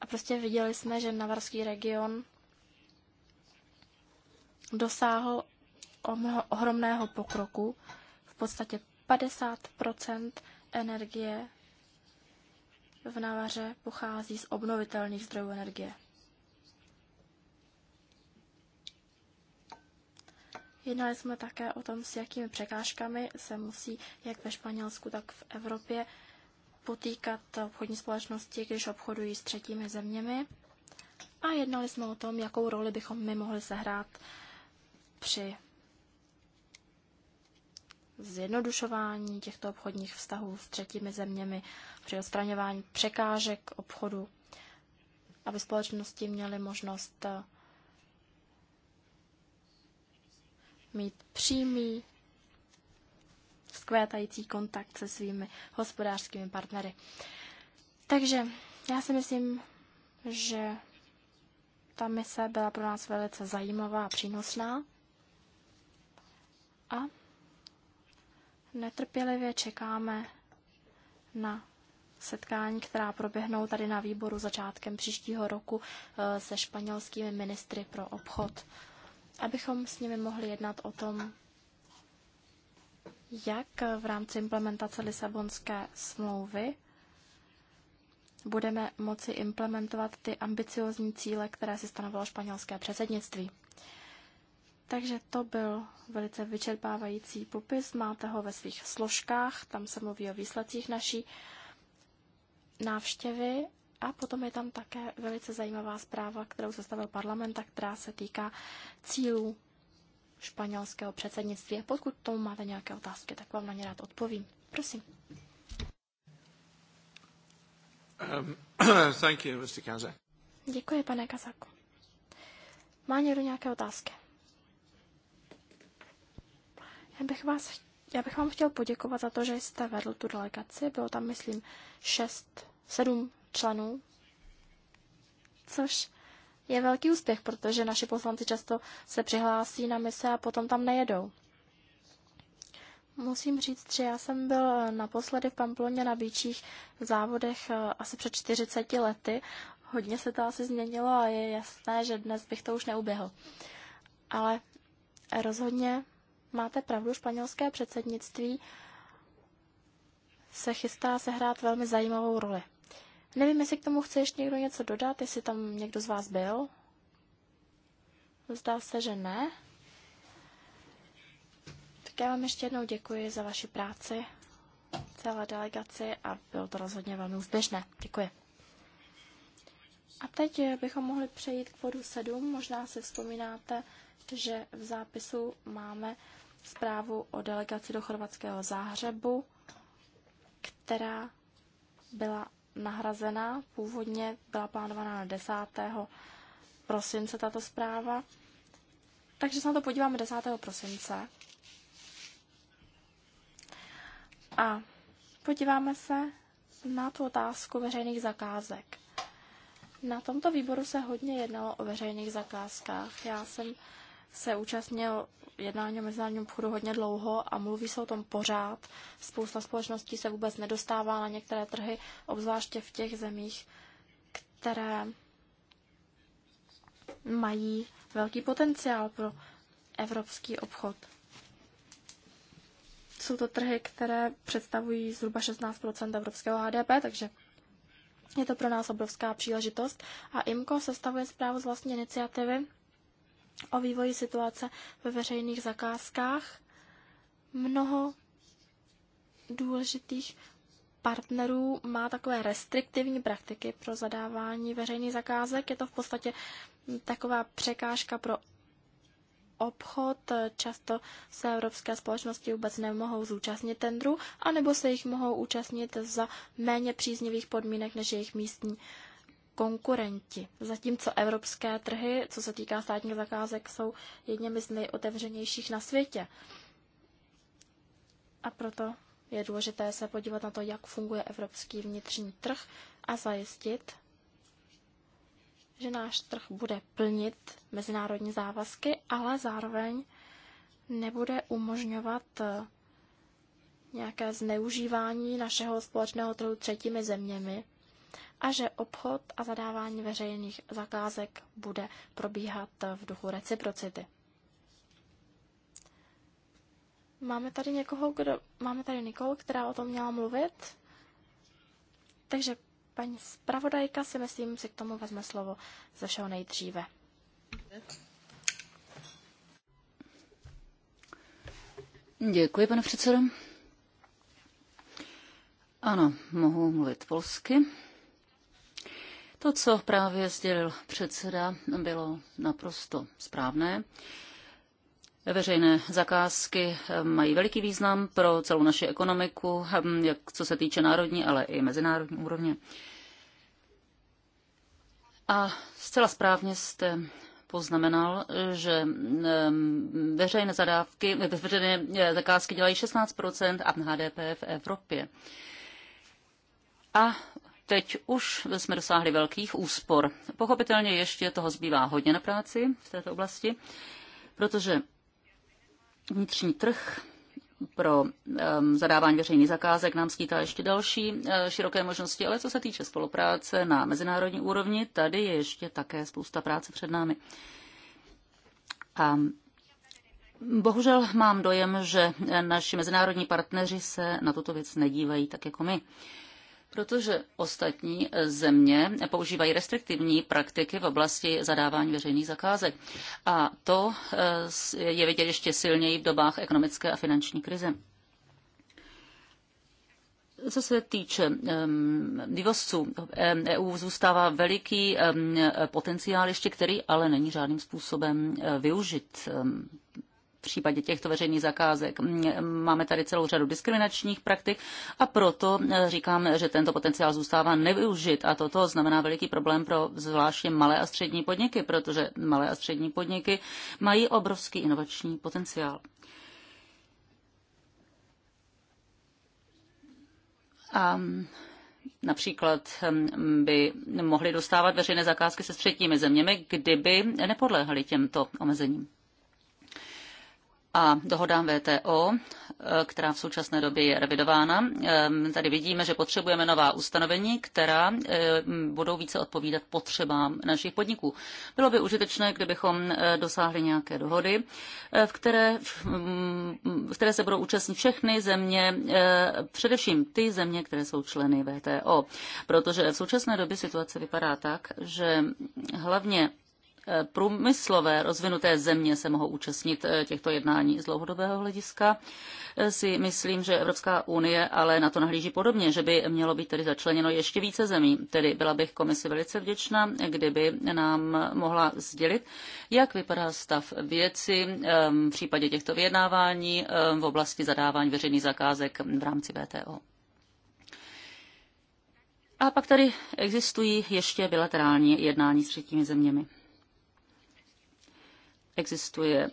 A prostě viděli jsme, že navarský region dosáhl ohromného pokroku. V podstatě 50 energie v Navaře pochází z obnovitelných zdrojů energie. Jednali jsme také o tom, s jakými překážkami se musí jak ve Španělsku, tak v Evropě potýkat obchodní společnosti, když obchodují s třetími zeměmi. A jednali jsme o tom, jakou roli bychom my mohli sehrát při zjednodušování těchto obchodních vztahů s třetími zeměmi, při odstraňování překážek obchodu, aby společnosti měly možnost mít přímý skvětající kontakt se svými hospodářskými partnery. Takže já si myslím, že ta mise byla pro nás velice zajímavá a přínosná. A netrpělivě čekáme na setkání, která proběhnou tady na výboru začátkem příštího roku eh, se španělskými ministry pro obchod abychom s nimi mohli jednat o tom, jak v rámci implementace Lisabonské smlouvy budeme moci implementovat ty ambiciozní cíle, které si stanovilo španělské předsednictví. Takže to byl velice vyčerpávající popis, máte ho ve svých složkách, tam se mluví o výsledcích naší návštěvy a potom je tam také velice zajímavá zpráva, kterou sestavil parlament, která se týká cílů španělského předsednictví. pokud tomu máte nějaké otázky, tak vám na ně rád odpovím. Prosím. Um, thank you, Mr. Děkuji, pane Kazaku. Má někdo nějaké otázky? Já bych, vás, já bych vám chtěl poděkovat za to, že jste vedl tu delegaci. Bylo tam, myslím, šest, sedm členů, což je velký úspěch, protože naši poslanci často se přihlásí na mise a potom tam nejedou. Musím říct, že já jsem byl naposledy v Pamploně na býčích závodech eh, asi před 40 lety. Hodně se to asi změnilo a je jasné, že dnes bych to už neuběhl. Ale rozhodně máte pravdu, španělské předsednictví se chystá sehrát velmi zajímavou roli. Nevím, jestli k tomu chce ještě někdo něco dodat, jestli tam někdo z vás byl. Zdá se, že ne. Tak já vám ještě jednou děkuji za vaši práci, celé delegaci a bylo to rozhodně velmi úspěšné. Děkuji. A teď bychom mohli přejít k bodu 7. Možná si vzpomínáte, že v zápisu máme zprávu o delegaci do chorvatského záhřebu, která byla nahrazena. Původně byla plánovaná na 10. prosince tato zpráva. Takže se na to podíváme 10. prosince. A podíváme se na tu otázku veřejných zakázek. Na tomto výboru se hodně jednalo o veřejných zakázkách. Já jsem se účastnil jednání o mezinárodním obchodu hodně dlouho a mluví se o tom pořád. Spousta společností se vůbec nedostává na některé trhy, obzvláště v těch zemích, které mají velký potenciál pro evropský obchod. Jsou to trhy, které představují zhruba 16 evropského HDP, takže je to pro nás obrovská příležitost. A IMCO sestavuje zprávu z vlastní iniciativy o vývoji situace ve veřejných zakázkách. Mnoho důležitých partnerů má takové restriktivní praktiky pro zadávání veřejných zakázek. Je to v podstatě taková překážka pro obchod. Často se evropské společnosti vůbec nemohou zúčastnit tendru, anebo se jich mohou účastnit za méně příznivých podmínek než jejich místní konkurenti. Zatímco evropské trhy, co se týká státních zakázek, jsou jedněmi z nejotevřenějších na světě. A proto je důležité se podívat na to, jak funguje evropský vnitřní trh a zajistit, že náš trh bude plnit mezinárodní závazky, ale zároveň nebude umožňovat eh, nějaké zneužívání našeho společného trhu třetími zeměmi, a že obchod a zadávání veřejných zakázek bude probíhat v duchu reciprocity. Máme tady někoho, kdo... Máme tady někoho, která o tom měla mluvit? Takže paní zpravodajka si myslím si k tomu vezme slovo ze všeho nejdříve. Děkuji, pane předsedo. Ano, mohu mluvit polsky. To, co právě sdělil předseda, bylo naprosto správné. Veřejné zakázky eh, mají veliký význam pro celou naši ekonomiku, hm, jak co se týče národní, ale i mezinárodní úrovně. A zcela správně jste poznamenal, že hm, veřejné zadávky, eh, veřejné eh, zakázky dělají 16 a HDP v Evropě. A Teď už jsme dosáhli velkých úspor. Pochopitelně ještě toho zbývá hodně na práci v této oblasti, protože vnitřní trh pro um, zadávání veřejných zakázek nám skýtá ještě další uh, široké možnosti, ale co se týče spolupráce na mezinárodní úrovni, tady je ještě také spousta práce před námi. A bohužel mám dojem, že naši mezinárodní partneři se na tuto věc nedívají tak jako my. Uh, protože ostatní země používají restriktivní praktiky v oblasti zadávání veřejných zakázek. A to eh, je vidět ještě silněji v dobách ekonomické a finanční krize. Co se týče ehm, vývozců, EU eh, e zůstává veliký ehm, potenciál ještě, který ale není žádným způsobem eh, využit ehm, případě těchto veřejných zakázek. Máme tady celou řadu diskriminačních praktik a proto e, říkám, že tento potenciál zůstává nevyužit a toto znamená veliký problém pro zvláště malé a střední podniky, protože malé a střední podniky mají obrovský inovační potenciál. A například by mohli dostávat veřejné zakázky se třetími zeměmi, kdyby nepodléhali těmto omezením a dohodám VTO, eh, která v současné době je revidována. Ehm, tady vidíme, že potřebujeme nová ustanovení, která eh, budou více odpovídat potřebám našich podniků. Bylo by užitečné, kdybychom eh, dosáhli nějaké dohody, v které, v které se budou účastnit všechny země, především ty země, které jsou členy VTO. Protože v současné době situace vypadá tak, že hlavně Eh, průmyslové rozvinuté země se mohou účastnit eh, těchto jednání z dlouhodobého hlediska. Eh, si myslím, že Evropská unie ale na to nahlíží podobně, že by mělo být tedy začleněno ještě více zemí. Tedy byla bych komisi velice vděčná, kdyby nám mohla sdělit, jak vypadá stav věci ehm, v případě těchto vyjednávání ehm, v oblasti zadávání veřejných zakázek v rámci VTO. A pak tady existují ještě bilaterální jednání s třetími zeměmi existuje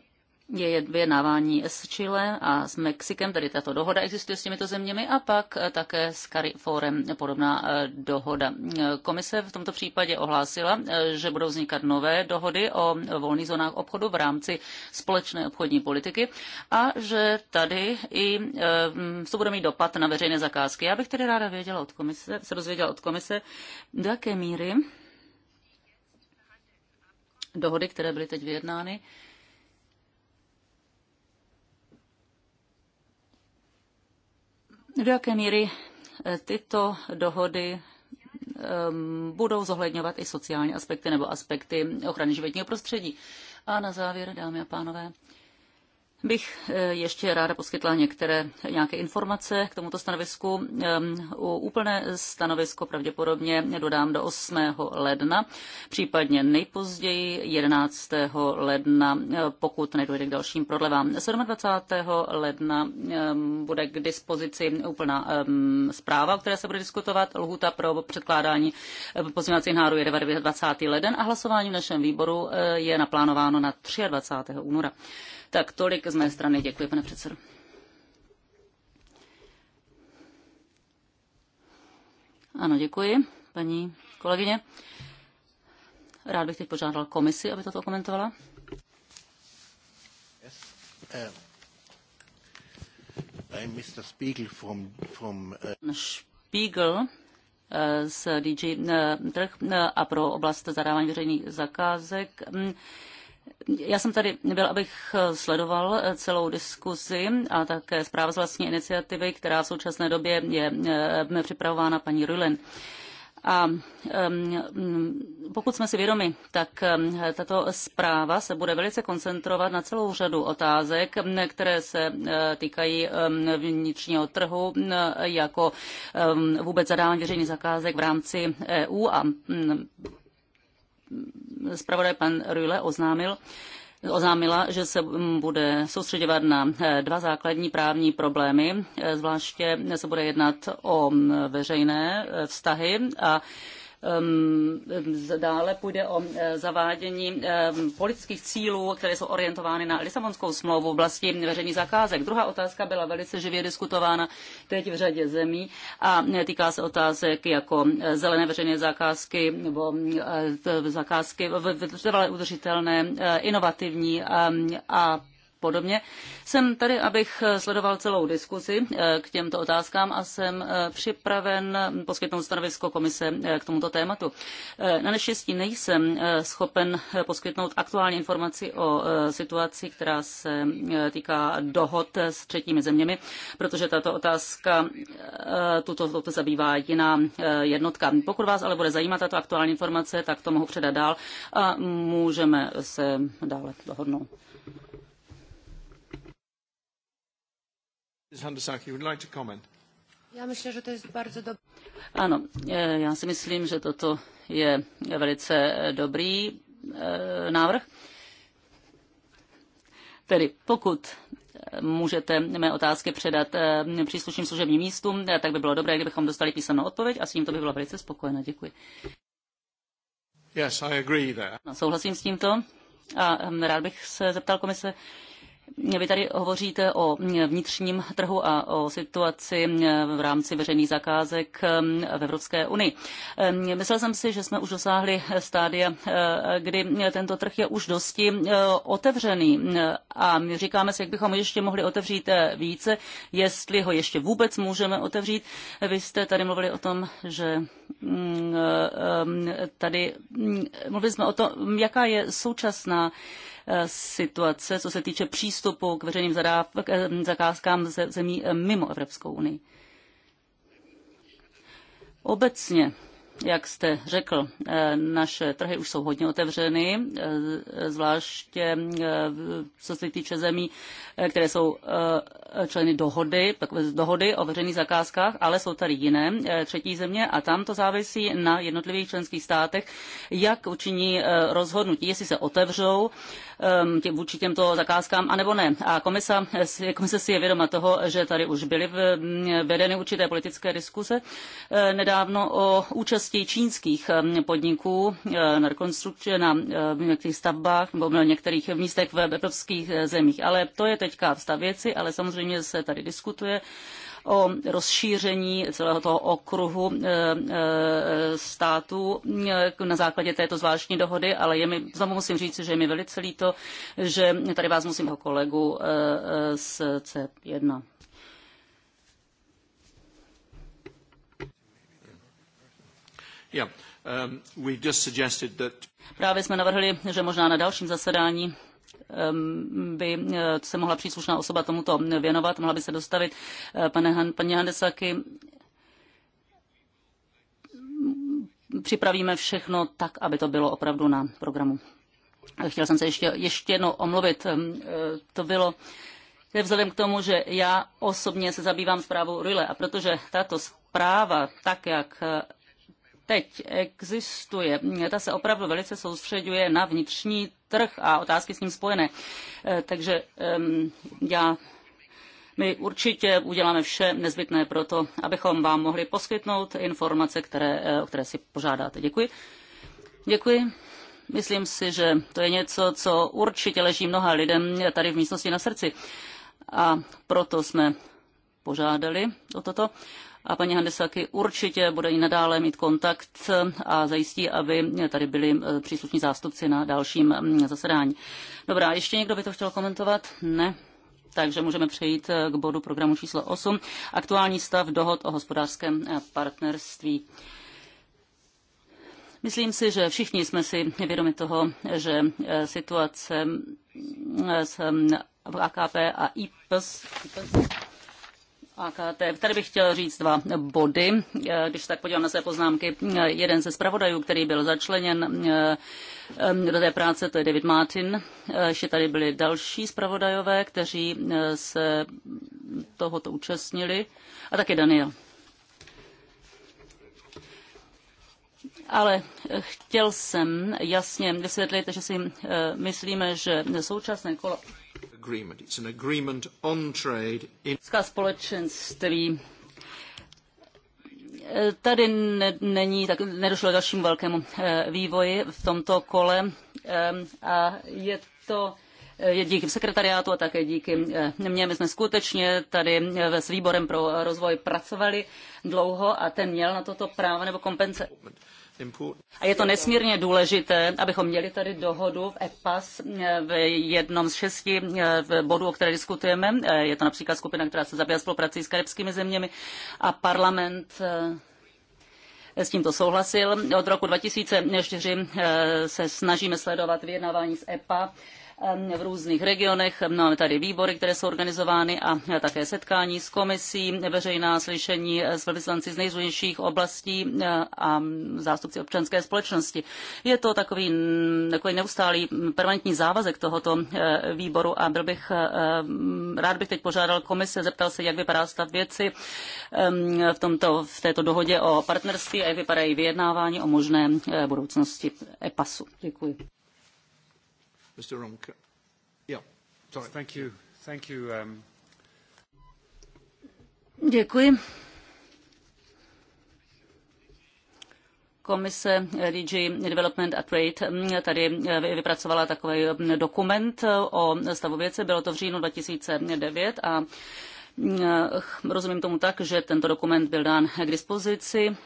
je vyjednávání s Chile a s Mexikem, tedy tato dohoda existuje s těmito zeměmi a pak eh, také s CARIFORem podobná eh, dohoda. Eh, komise v tomto případě ohlásila, že budou vznikat nové dohody o volných zónách obchodu v rámci společné obchodní politiky a že tady i to bude mít dopad na veřejné zakázky. Já bych tedy ráda věděla od komise, se dozvěděla od komise, do jaké míry dohody, které byly teď vyjednány. Do jaké míry eh, tyto dohody ehm, budou zohledňovat i sociální aspekty nebo aspekty ochrany životního prostředí. A na závěr, dámy a pánové, bych eh, ještě ráda poskytla některé nějaké informace k tomuto stanovisku. Ehm, úplné stanovisko pravděpodobně dodám do 8. ledna, případně nejpozději 11. ledna, eh, pokud nedojde k dalším prodlevám. 27. ledna ehm, bude k dispozici úplná ehm, zpráva, o které se bude diskutovat. Lhuta pro předkládání eh, pozměňovacích náru je 29. leden a hlasování v našem výboru je naplánováno na 23. února. Tak tolik z mé strany. Děkuji, pane předsedo. Ano, děkuji, paní kolegyně. Rád bych teď požádal komisi, aby toto komentovala. Yes. Um, I'm Mr. Spiegel from, from, uh... Spiegel uh, z DG uh, uh, a pro oblast zadávání veřejných zakázek. Mm, já jsem tady byl, abych eh, sledoval eh, celou diskuzi a také zpráva z vlastní iniciativy, která v současné době je eh, připravována paní Rulin. A um, pokud jsme si vědomi, tak um, tato zpráva se bude velice koncentrovat na celou řadu otázek, které se uh, týkají um, vnitřního trhu, um, jako um, vůbec zadávání veřejných zakázek v rámci EU a um, zpravodaj pan Rüle oznámil, oznámila, že se bude soustředěvat na eh, dva základní právní problémy. Eh, zvláště se bude jednat o mm, veřejné eh, vztahy a Ehm, ehm, dále půjde o e, zavádění ehm, politických cílů, které jsou orientovány na Lisabonskou smlouvu v oblasti veřejných zakázek. Druhá otázka byla velice živě diskutována teď v řadě zemí a týká se otázek jako e, zelené veřejné zakázky nebo e, zakázky trvalé udržitelné, inovativní a podobně. Jsem tady, abych sledoval celou diskusi eh, k těmto otázkám a jsem eh, připraven poskytnout stanovisko komise eh, k tomuto tématu. Na neštěstí nejsem schopen poskytnout aktuální informaci o situaci, která se týká dohod s třetími zeměmi, protože tato otázka tuto, tuto zabývá jiná jednotka. Pokud vás ale bude zajímat tato aktuální informace, tak to mohu předat dál a můžeme se dále dohodnout. Já myslím, že to je bardzo Ano, já si myslím, že toto je velice e, dobrý e, návrh. Tedy pokud e, můžete mé otázky předat příslušným služebním místům, tak by bylo dobré, kdybychom dostali písemnou odpověď a s tím to by bylo velice spokojené. Děkuji. Yes, I agree there. No, souhlasím s tímto a hm, rád bych se zeptal komise, vy tady hovoříte o vnitřním trhu a o situaci v rámci veřejných zakázek v Evropské unii. Myslel jsem si, že jsme už dosáhli stádia, kdy tento trh je už dosti otevřený a my říkáme si, jak bychom ještě mohli otevřít více, jestli ho ještě vůbec můžeme otevřít. Vy jste tady mluvili o tom, že Mm, eh, eh, tady mm, mluvili jsme o tom, jaká je současná eh, situace, co se týče přístupu k veřejným zadáv, k zakázkám ze zemí mimo Evropskou unii. Obecně jak jste řekl, eh, naše trhy už jsou hodně otevřeny, eh, zvláště eh, co se týče zemí, které jsou členy dohody, dohody o veřejných zakázkách, ale jsou tady jiné třetí země a tam to závisí na jednotlivých členských státech, jak učiní rozhodnutí, jestli se otevřou ehm, tě, vůči těmto zakázkám, anebo ne. A komisa, komise si je vědoma toho, že tady už byly vedeny určité politické diskuse nedávno o účasti účasti čínských eh, podniků eh, na rekonstrukci na eh, některých stavbách nebo na některých místech v evropských zemích. Ale to je teďka stav věci, ale samozřejmě se tady diskutuje o rozšíření celého toho okruhu států na základě této zvláštní dohody, ale je mi, znovu musím říct, že je mi velice líto, že tady vás musím jako kolegu z C1 Um, Právě jsme navrhli, že možná na dalším zasedání um, by uh, se mohla příslušná osoba tomuto věnovat, mohla by se dostavit. Uh, pane Han, paní Handesaki, připravíme všechno tak, aby to bylo opravdu na programu. Chtěl jsem se ještě, ještě jednou omluvit. Um, uh, to bylo vzhledem k tomu, že já osobně se zabývám zprávou Ryle a protože tato zpráva, tak jak teď existuje, ta se opravdu velice soustředuje na vnitřní trh a otázky s ním spojené. Eh, takže ehm, já my určitě uděláme vše nezbytné pro to, abychom vám mohli poskytnout informace, které, eh, o které si požádáte. Děkuji. Děkuji. Myslím si, že to je něco, co určitě leží mnoha lidem tady v místnosti na srdci. A proto jsme požádali o toto a paní Handesaky určitě bude i nadále mít kontakt a zajistí, aby tady byli eh, příslušní zástupci na dalším mm, zasedání. Dobrá, ještě někdo by to chtěl komentovat? Ne? Takže můžeme přejít eh, k bodu programu číslo 8. Aktuální stav dohod o hospodářském eh, partnerství. Myslím si, že všichni jsme si vědomi toho, že situace mm, s AKP mm, a IPS, IPS AKT. Tady bych chtěl říct dva body, e, když tak podívám na své poznámky. E, jeden ze zpravodajů, který byl začleněn e, do té práce, to je David Martin. Ještě tady byli další zpravodajové, kteří se tohoto účastnili. A taky Daniel. ale chtěl jsem jasně vysvětlit, že si myslíme, že současné kolo agreement. It's an agreement on trade in... společenství Tady není, tak nedošlo k dalšímu velkému eh, vývoji v tomto kole eh, a je to eh, díky sekretariátu a také díky mně. My jsme skutečně tady s výborem pro rozvoj pracovali dlouho a ten měl na toto právo nebo kompenze. A je to nesmírně důležité, abychom měli tady dohodu v EPAS v jednom z šesti eh, bodů, o které diskutujeme. Eh, je to například skupina, která se zabývá spoluprací s karibskými zeměmi a parlament eh, s tímto souhlasil. Od roku 2004 se snažíme sledovat vyjednávání z EPA v různých regionech. Máme tady výbory, které jsou organizovány a také setkání s komisí, veřejná slyšení eh, s velvyslanci z nejrůznějších oblastí eh, a zástupci občanské společnosti. Je to takový, takový neustálý permanentní závazek tohoto eh, výboru a byl bych, rád bych teď požádal komise, zeptal se, jak vypadá stav věci v, tomto, v této dohodě o partnerství a jak vypadají vyjednávání o možné budoucnosti EPASu. Děkuji. Mr. Ronke. Yeah. Sorry. Thank you. Thank you. Um... Děkuji. komise eh, DG Development and Trade mm, tady eh, vypracovala takový mm, dokument eh, o stavu věce. Bylo to v říjnu 2009 a Rozumím tomu tak, že tento dokument byl dán k dispozici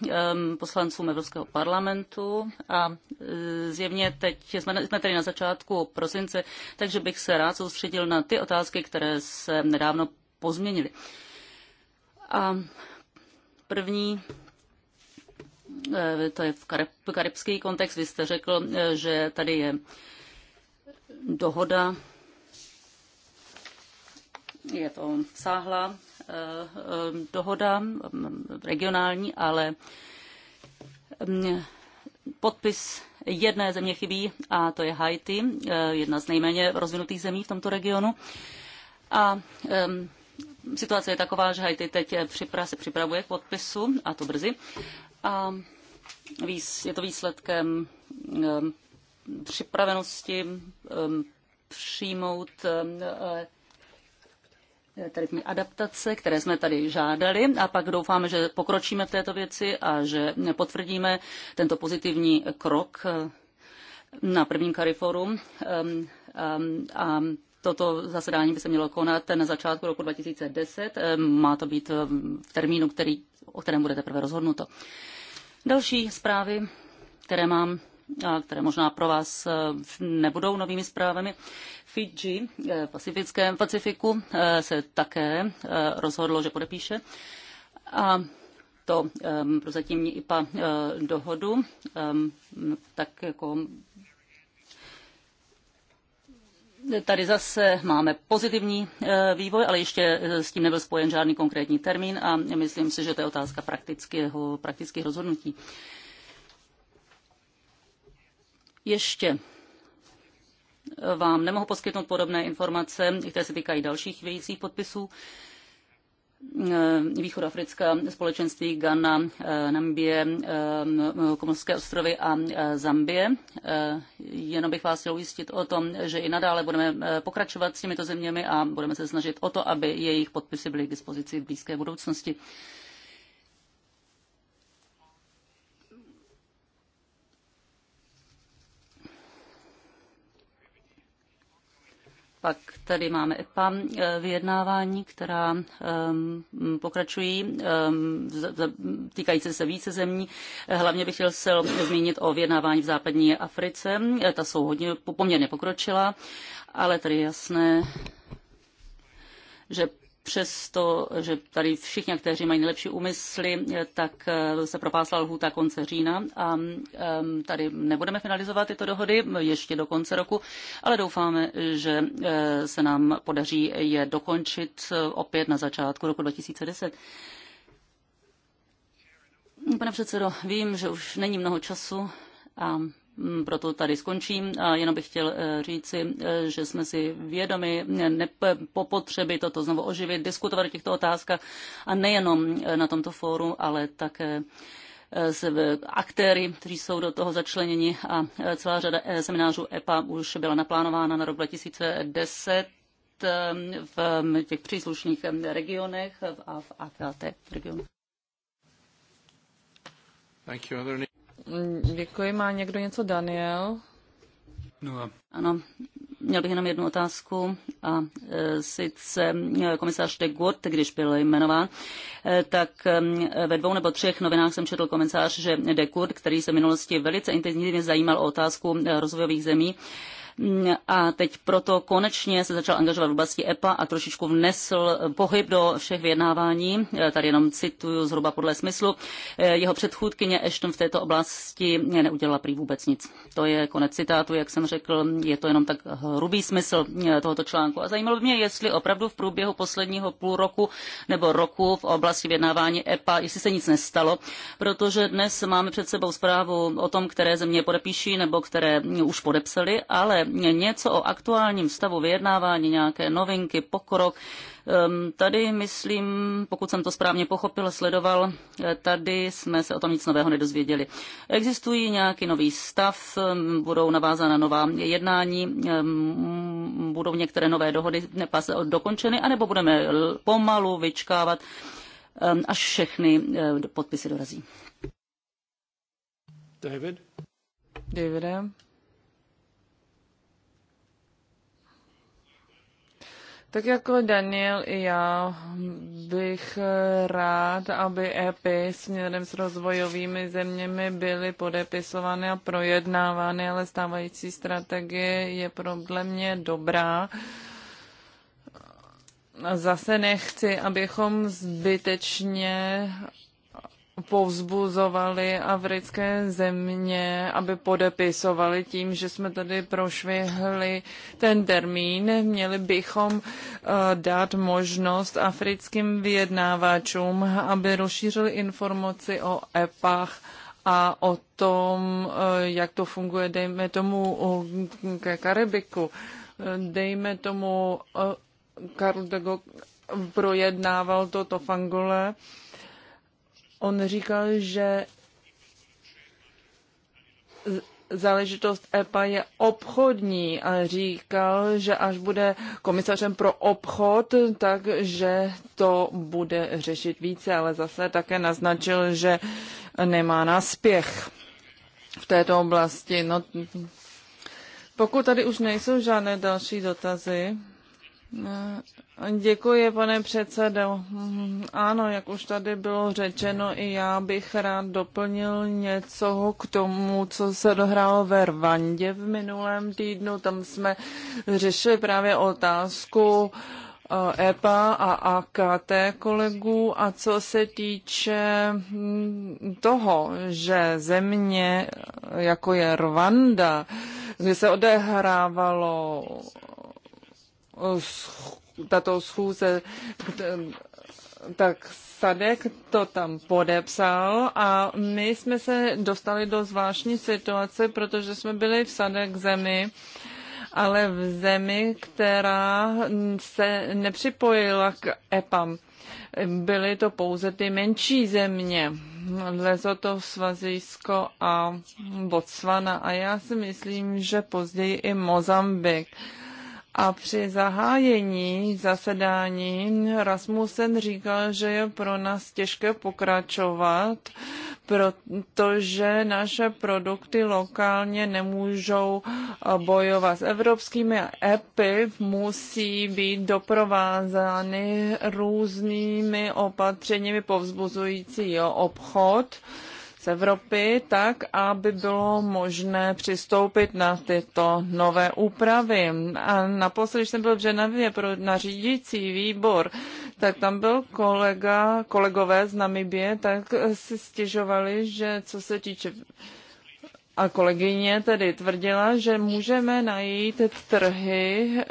poslancům Evropského parlamentu a e, zjevně teď jsme, jsme tady na začátku prosince, takže bych se rád soustředil na ty otázky, které se nedávno pozměnily. A první e, to je v karibský kontext. Vy jste řekl, e, že tady je dohoda je to sáhla eh, eh, dohoda regionální, ale mm, podpis jedné země chybí a to je Haiti, eh, jedna z nejméně rozvinutých zemí v tomto regionu. A situace je taková, že Haiti teď se připravuje k podpisu, a to brzy. A je to výsledkem připravenosti přijmout Eh, tarifní adaptace, které jsme tady žádali a pak doufáme, že pokročíme v této věci a že potvrdíme tento pozitivní krok eh, na prvním kariforu. Ehm, ehm, a Toto zasedání by se mělo konat na začátku roku 2010. Ehm, má to být v termínu, který, o kterém bude teprve rozhodnuto. Další zprávy, které mám, které možná pro vás eh, nebudou novými zprávami. Fiji v eh, Pacifickém Pacifiku eh, se také rozhodlo, že podepíše. A to ehm, prozatímní IPA dohodu, ehm, tak jako Tady zase máme pozitivní vývoj, ale ještě s tím nebyl spojen žádný konkrétní termín a myslím si, že to je otázka praktického, praktických rozhodnutí. Ještě vám nemohu poskytnout podobné informace, které se týkají dalších chybějících podpisů. Eh, Východoafrická společenství Ghana, eh, Namibie, eh, Komorské ostrovy a Zambie. Jenom bych vás chtěl ujistit o tom, že i nadále budeme pokračovat s těmito zeměmi a budeme se snažit o to, aby jejich podpisy byly k dispozici v blízké budoucnosti. Pak tady máme EPA eh, vyjednávání, která ehm, pokračují, ehm, týkající se více zemí. Hlavně bych chtěl se zmínit o vyjednávání v západní Africe. Eh, ta jsou hodně poměrně pokročila, ale tady je jasné, že přesto, že tady všichni aktéři mají nejlepší úmysly, eh, tak eh, se propásla lhůta konce října a ehm, tady nebudeme finalizovat tyto dohody ještě do konce roku, ale doufáme, že eh, se nám podaří je dokončit opět na začátku roku 2010. Pane předsedo, vím, že už není mnoho času a Mm, proto tady skončím a jenom bych chtěl eh, říci, eh, že jsme si vědomi eh, popotřeby toto znovu oživit, diskutovat o těchto otázkách a nejenom na tomto fóru, ale také s aktéry, kteří jsou do toho začleněni a celá řada seminářů EPA už byla naplánována na rok 2010 v těch příslušných regionech a v AKT regionu. Mm, děkuji. Má někdo něco, Daniel? No. Ano, měl bych jenom jednu otázku a e, sice e, komisář de Gurt, když byl jmenován, e, tak e, ve dvou nebo třech novinách jsem četl komisář, že de Gurt, který se v minulosti velice intenzivně zajímal o otázku e, rozvojových zemí, e, a teď proto konečně se začal angažovat v oblasti EPA a trošičku vnesl pohyb do všech vyjednávání. E, Tady jenom cituju zhruba podle smyslu. E, Jeho předchůdkyně Ashton v této oblasti neudělala prý vůbec nic. To je konec citátu, jak jsem řekl, je to jenom tak hrubý smysl e, tohoto článku. A zajímalo by mě, jestli opravdu v průběhu posledního půl roku nebo roku v oblasti vyjednávání EPA, jestli se nic nestalo, protože dnes máme před sebou zprávu o tom, které země podepíší nebo které už podepsali, ale něco o aktuálním stavu vyjednávání, nějaké novinky, pokrok. Ehm, tady, myslím, pokud jsem to správně pochopil, sledoval, eh, tady jsme se o tom nic nového nedozvěděli. Existují nějaký nový stav, ehm, budou navázána nová jednání, ehm, budou některé nové dohody dokončeny, anebo budeme pomalu vyčkávat, až všechny eh, podpisy dorazí. David? David. Tak jako Daniel i já bych rád, aby EPI směrem s rozvojovými zeměmi byly podepisovány a projednávány, ale stávající strategie je podle mě dobrá. Zase nechci, abychom zbytečně povzbuzovali africké země, aby podepisovali tím, že jsme tady prošvihli ten termín. Měli bychom eh, dát možnost africkým vyjednávačům, aby rozšířili informaci o EPAch a o tom, eh, jak to funguje, dejme tomu, ke Karibiku. Dejme tomu, eh, Karl de Gaulle projednával toto fangole. Uh, On říkal, že záležitost EPA je obchodní a říkal, že až bude komisařem pro obchod, takže to bude řešit více, ale zase také naznačil, že nemá náspěch v této oblasti. No, pokud tady už nejsou žádné další dotazy, Eh, děkuji, pane předsedo. Mm, ano, jak už tady bylo řečeno, i já bych rád doplnil něco k tomu, co se dohrálo ve Rwandě v minulém týdnu. Tam jsme řešili právě otázku eh, EPA a AKT kolegů a co se týče mm, toho, že země jako je Rwanda, kde se odehrávalo tato schůze, tak Sadek to tam podepsal a my jsme se dostali do zvláštní situace, protože jsme byli v Sadek zemi, ale v zemi, která se nepřipojila k EPAM. Byly to pouze ty menší země, Lesoto, Svazijsko a Botswana a já si myslím, že později i Mozambik. A při zahájení zasedání Rasmussen říkal, že je pro nás těžké pokračovat, protože naše produkty lokálně nemůžou eh, bojovat s evropskými EPI musí být doprovázány různými opatřeními povzbuzující obchod z Evropy, tak aby bylo možné přistoupit na tyto nové úpravy. A naposledy, když jsem byl v Ženevě pro, na řídící výbor, tak tam byl kolega, kolegové z Namibie, tak si stěžovali, že co se týče a kolegyně tedy tvrdila, že můžeme najít trhy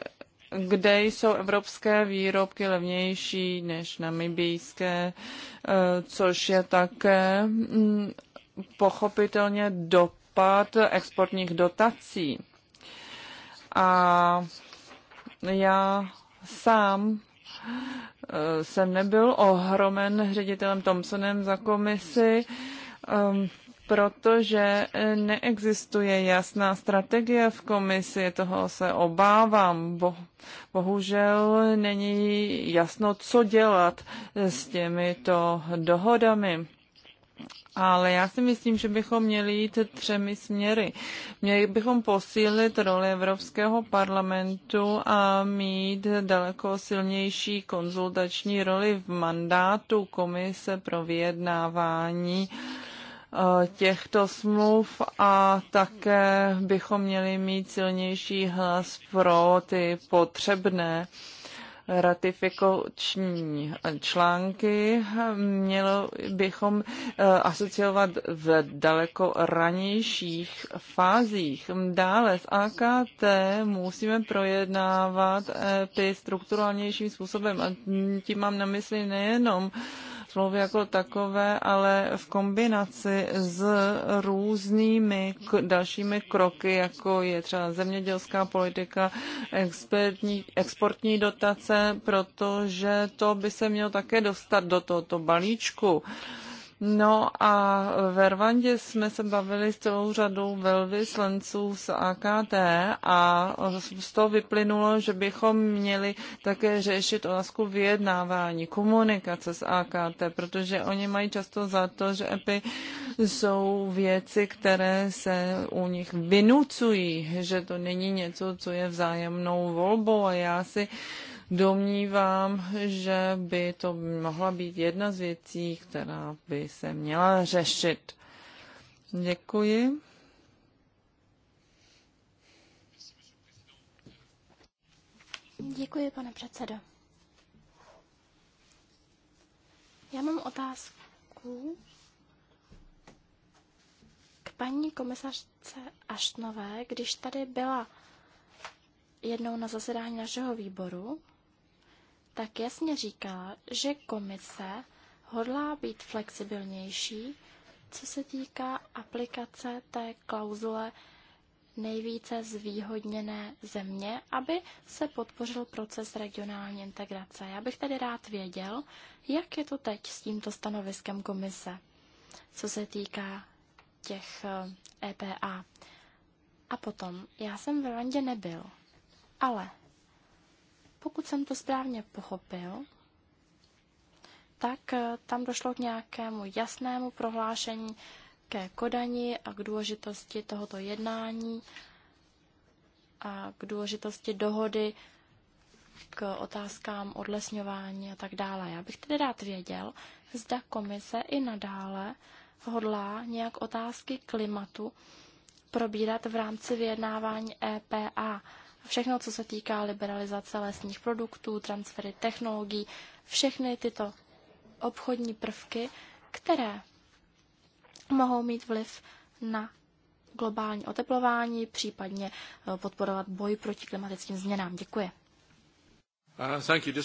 kde jsou evropské výrobky levnější než namibijské, eh, což je také mm, pochopitelně dopad exportních dotací. A já sám eh, jsem nebyl ohromen ředitelem Thompsonem za komisi. Ehm, protože e, neexistuje jasná strategie v komisi, toho se obávám. Bo, bohužel není jasno, co dělat e, s těmito dohodami. Ale já si myslím, že bychom měli jít třemi směry. Měli bychom posílit roli Evropského parlamentu a mít daleko silnější konzultační roli v mandátu Komise pro vyjednávání uh, Eh, těchto smluv a také bychom měli mít silnější hlas pro ty potřebné ratifikační eh, články. mělo bychom eh, asociovat v daleko ranějších fázích. Dále s AKT musíme projednávat ty strukturálnějším způsobem a tím mám na mysli nejenom uh, smlouvy jako takové, ale v kombinaci s různými dalšími kroky, jako je třeba zemědělská politika, expertní, exportní dotace, protože to by se mělo také dostat do tohoto balíčku. Uh, No a ve Rwandě jsme se bavili s celou řadou velvyslanců z AKT a z toho vyplynulo, že bychom měli také řešit otázku vyjednávání, komunikace s AKT, protože oni mají často za to, že EPI jsou věci, které se u nich vynucují, že to není něco, co je vzájemnou volbou a já si domnívám, že by to mohla být jedna z věcí, která by se měla řešit. Děkuji. Děkuji, pane předsedo. Já mám otázku k paní komisařce Aštnové, když tady byla jednou na zasedání našeho výboru, tak jasně říká, že komise hodlá být flexibilnější, co se týká aplikace té klauzule nejvíce zvýhodněné země, aby se podpořil proces regionální integrace. Já bych tedy rád věděl, jak je to teď s tímto stanoviskem komise, co se týká těch EPA. Eh, e A potom, já jsem v Rwandě nebyl, ale pokud jsem to správně pochopil, tak eh, tam došlo k nějakému jasnému prohlášení ke Kodani a k důležitosti tohoto jednání a k důležitosti dohody k otázkám odlesňování a tak dále. Já bych tedy rád věděl, zda komise i nadále hodlá nějak otázky klimatu probírat v rámci vyjednávání EPA Všechno, co se týká liberalizace lesních produktů, transfery technologií, všechny tyto obchodní prvky, které mohou mít vliv na globální oteplování, případně eh, podporovat boj proti klimatickým změnám. Děkuji. Uh,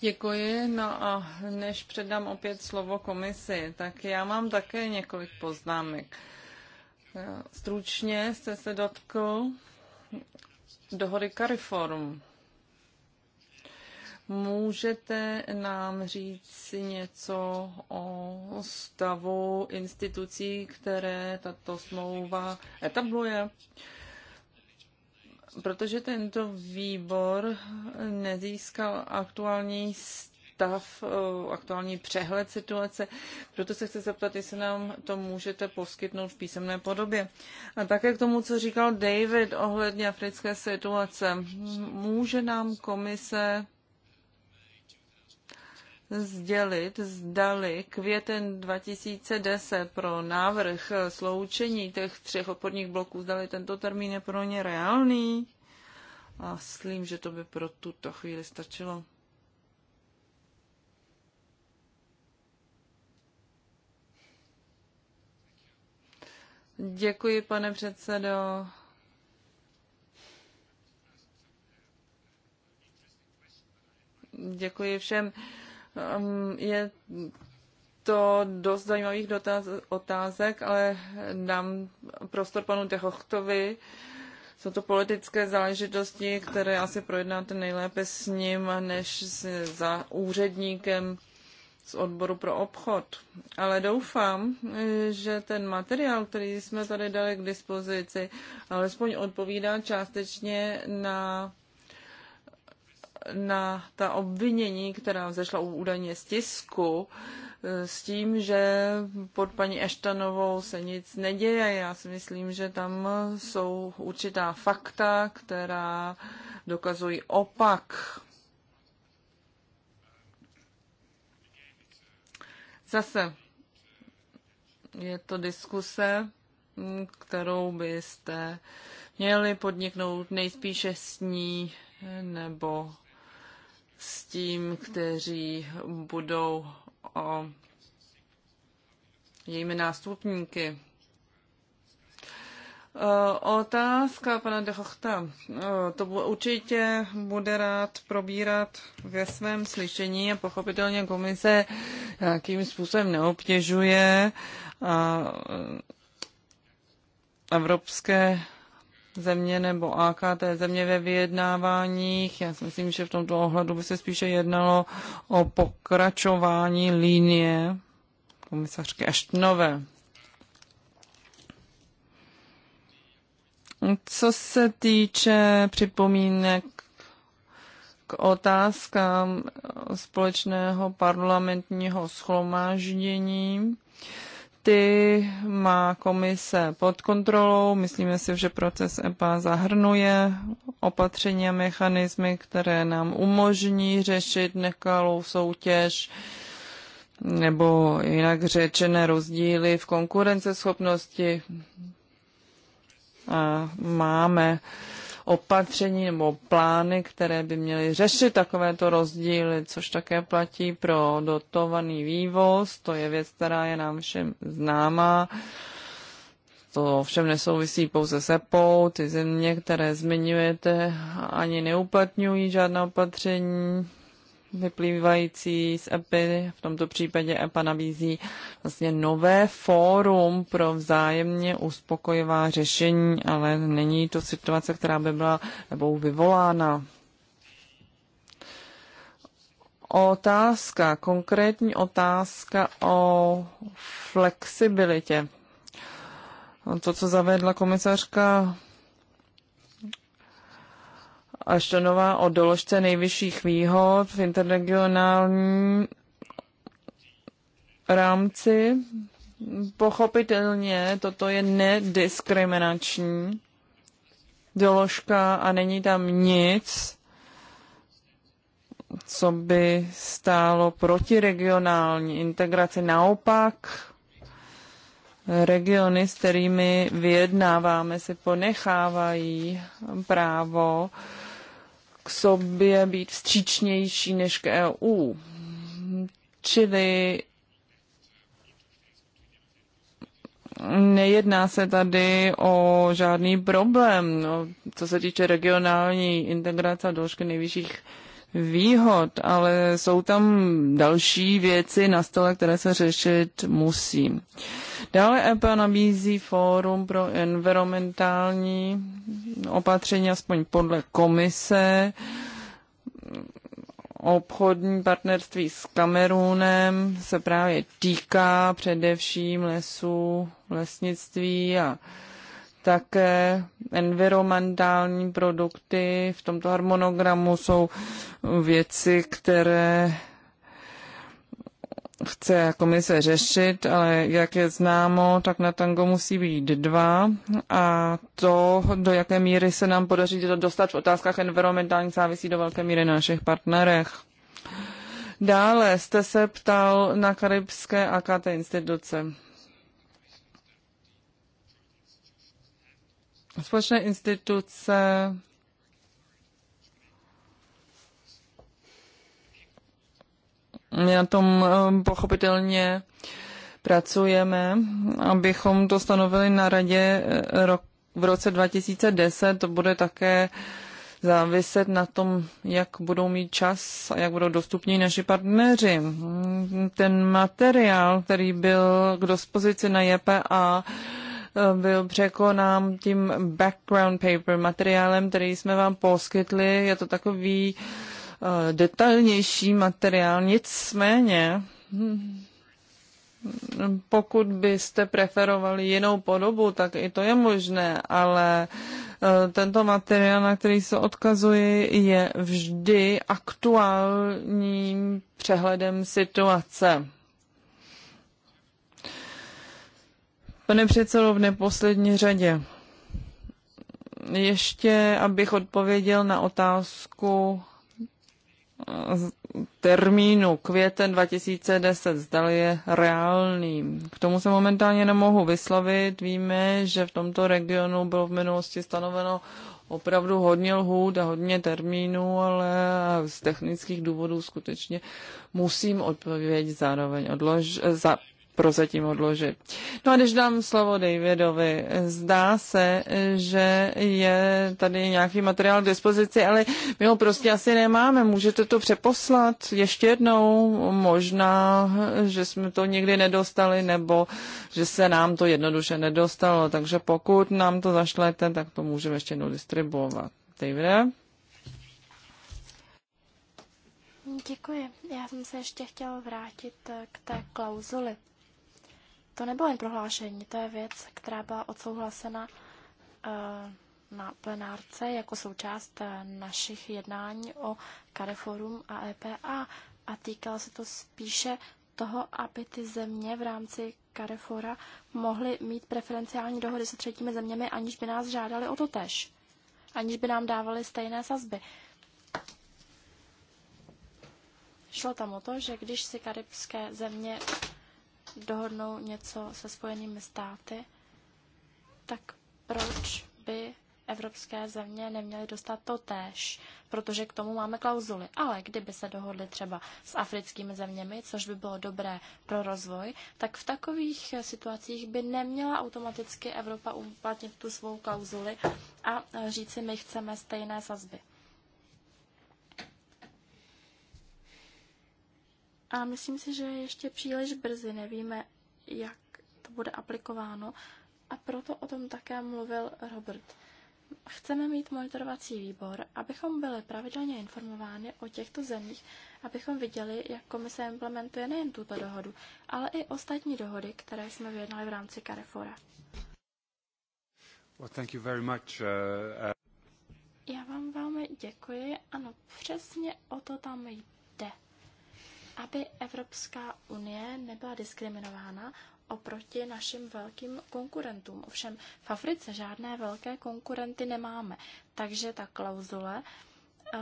Děkuji. No a než předám opět slovo komisi, tak já mám také několik poznámek. Eh, stručně jste se dotkl dohody CARIFORM. Můžete nám říct něco o stavu institucí, které tato smlouva etabluje? Protože tento výbor nezískal aktuální stav stav, eh, aktuální přehled situace. Proto se chci zeptat, jestli nám to můžete poskytnout v písemné podobě. A také k tomu, co říkal David ohledně africké situace. Může nám komise sdělit, zdali květen 2010 pro návrh sloučení těch třech odporných bloků, zdali tento termín je pro ně reálný. A slím, že to by pro tuto chvíli stačilo. Děkuji, pane předsedo. Děkuji všem. Um, je to dost zajímavých dotaz, otázek, ale dám prostor panu Techochtovi. Jsou to politické záležitosti, které asi projednáte nejlépe s ním, než za úředníkem z odboru pro obchod. Ale doufám, eh, že ten materiál, který jsme tady dali k dispozici, alespoň odpovídá částečně na na ta obvinění, která vzešla údajně z tisku, eh, s tím, že pod paní Eštanovou se nic neděje. Já si myslím, že tam jsou určitá fakta, která dokazují opak. Zase je to diskuse, kterou byste měli podniknout nejspíše s ní nebo s tím, kteří budou o jejími nástupníky. Eh, otázka pana Dechochta. Eh, to určitě bude rád probírat ve svém slyšení a pochopitelně komise nějakým způsobem neobtěžuje a eh, evropské země nebo AKT země ve vyjednáváních. Já si myslím, že v tomto ohledu by se spíše jednalo o pokračování linie komisařky Eštnové. Co se týče připomínek k otázkám společného parlamentního schromáždění, ty má komise pod kontrolou. Myslíme si, že proces EPA zahrnuje opatření a mechanismy, které nám umožní řešit nekalou soutěž nebo jinak řečené rozdíly v konkurenceschopnosti máme opatření nebo plány, které by měly řešit takovéto rozdíly, což také platí pro dotovaný vývoz. To je věc, která je nám všem známá. To ovšem nesouvisí pouze se pou, Ty země, které zmiňujete, ani neuplatňují žádná opatření vyplývající z EPI, v tomto případě EPA nabízí vlastně nové fórum pro vzájemně uspokojivá řešení, ale není to situace, která by byla nebo vyvolána. Otázka, konkrétní otázka o flexibilitě. To, co zavedla komisařka Aštonová o doložce nejvyšších výhod v interregionálním rámci. Pochopitelně toto je nediskriminační doložka a není tam nic, co by stálo proti regionální integraci. Naopak, regiony, s kterými vyjednáváme, si ponechávají právo k sobě být vstřícnější než k EU. Čili nejedná se tady o žádný problém, no, co se týče regionální integrace a doložky nejvyšších výhod, ale jsou tam další věci na stole, které se řešit musí. Dále EPA nabízí fórum pro environmentální opatření, aspoň podle komise, obchodní partnerství s Kamerunem se právě týká především lesů, lesnictví a také environmentální produkty. V tomto harmonogramu jsou věci, které chce komise řešit, ale jak je známo, tak na tango musí být dva a to, do jaké míry se nám podaří to dostat v otázkách environmentálních, závisí do velké míry na našich partnerech. Dále jste se ptal na karibské AKT instituce. společné instituce My na tom um, pochopitelně pracujeme, abychom to stanovili na radě eh, v roce 2010. To bude také záviset na tom, jak budou mít čas a jak budou dostupní naši partneři. Ten materiál, který byl k dispozici na JPA, byl překonán tím background paper, materiálem, který jsme vám poskytli. Je to takový eh, detailnější materiál. Nicméně, hm, pokud byste preferovali jinou podobu, tak i to je možné, ale eh, tento materiál, na který se odkazuji, je vždy aktuálním přehledem situace. Pane předsedo, v neposlední řadě. Ještě, abych odpověděl na otázku eh, termínu květen 2010, zdali je reálný. K tomu se momentálně nemohu vyslovit. Víme, že v tomto regionu bylo v minulosti stanoveno opravdu hodně lhůt a hodně termínů, ale z technických důvodů skutečně musím odpověď zároveň odlož, za, prozatím odložit. No a když dám slovo Davidovi, zdá se, že je tady nějaký materiál k dispozici, ale my ho prostě asi nemáme. Můžete to přeposlat ještě jednou? Možná, že jsme to nikdy nedostali, nebo že se nám to jednoduše nedostalo. Takže pokud nám to zašlete, tak to můžeme ještě jednou distribuovat. Davide? Děkuji. Já jsem se ještě chtěla vrátit eh, k té klauzuli. To nebylo jen prohlášení, to je věc, která byla odsouhlasena eh, na plenárce jako součást eh, našich jednání o Careforum a EPA a týkalo se to spíše toho, aby ty země v rámci Carefora mohly mít preferenciální dohody se třetími zeměmi, aniž by nás žádali o to tež. Aniž by nám dávali stejné sazby. Šlo tam o to, že když si karibské země dohodnou něco se spojenými státy, tak proč by evropské země neměly dostat to též, protože k tomu máme klauzuly. Ale kdyby se dohodli třeba s africkými zeměmi, což by bylo dobré pro rozvoj, tak v takových situacích by neměla automaticky Evropa uplatnit tu svou klauzuli a říci, my chceme stejné sazby. A myslím si, že ještě příliš brzy nevíme, jak to bude aplikováno a proto o tom také mluvil Robert. Chceme mít monitorovací výbor, abychom byli pravidelně informováni o těchto zemích, abychom viděli, jak komise implementuje nejen tuto dohodu, ale i ostatní dohody, které jsme vyjednali v rámci Carrefoura. Well, thank you very much. Uh, uh... Já vám velmi děkuji. Ano, přesně o to tam jde aby Evropská unie nebyla diskriminována oproti našim velkým konkurentům. Ovšem v Africe žádné velké konkurenty nemáme, takže ta klauzule eh,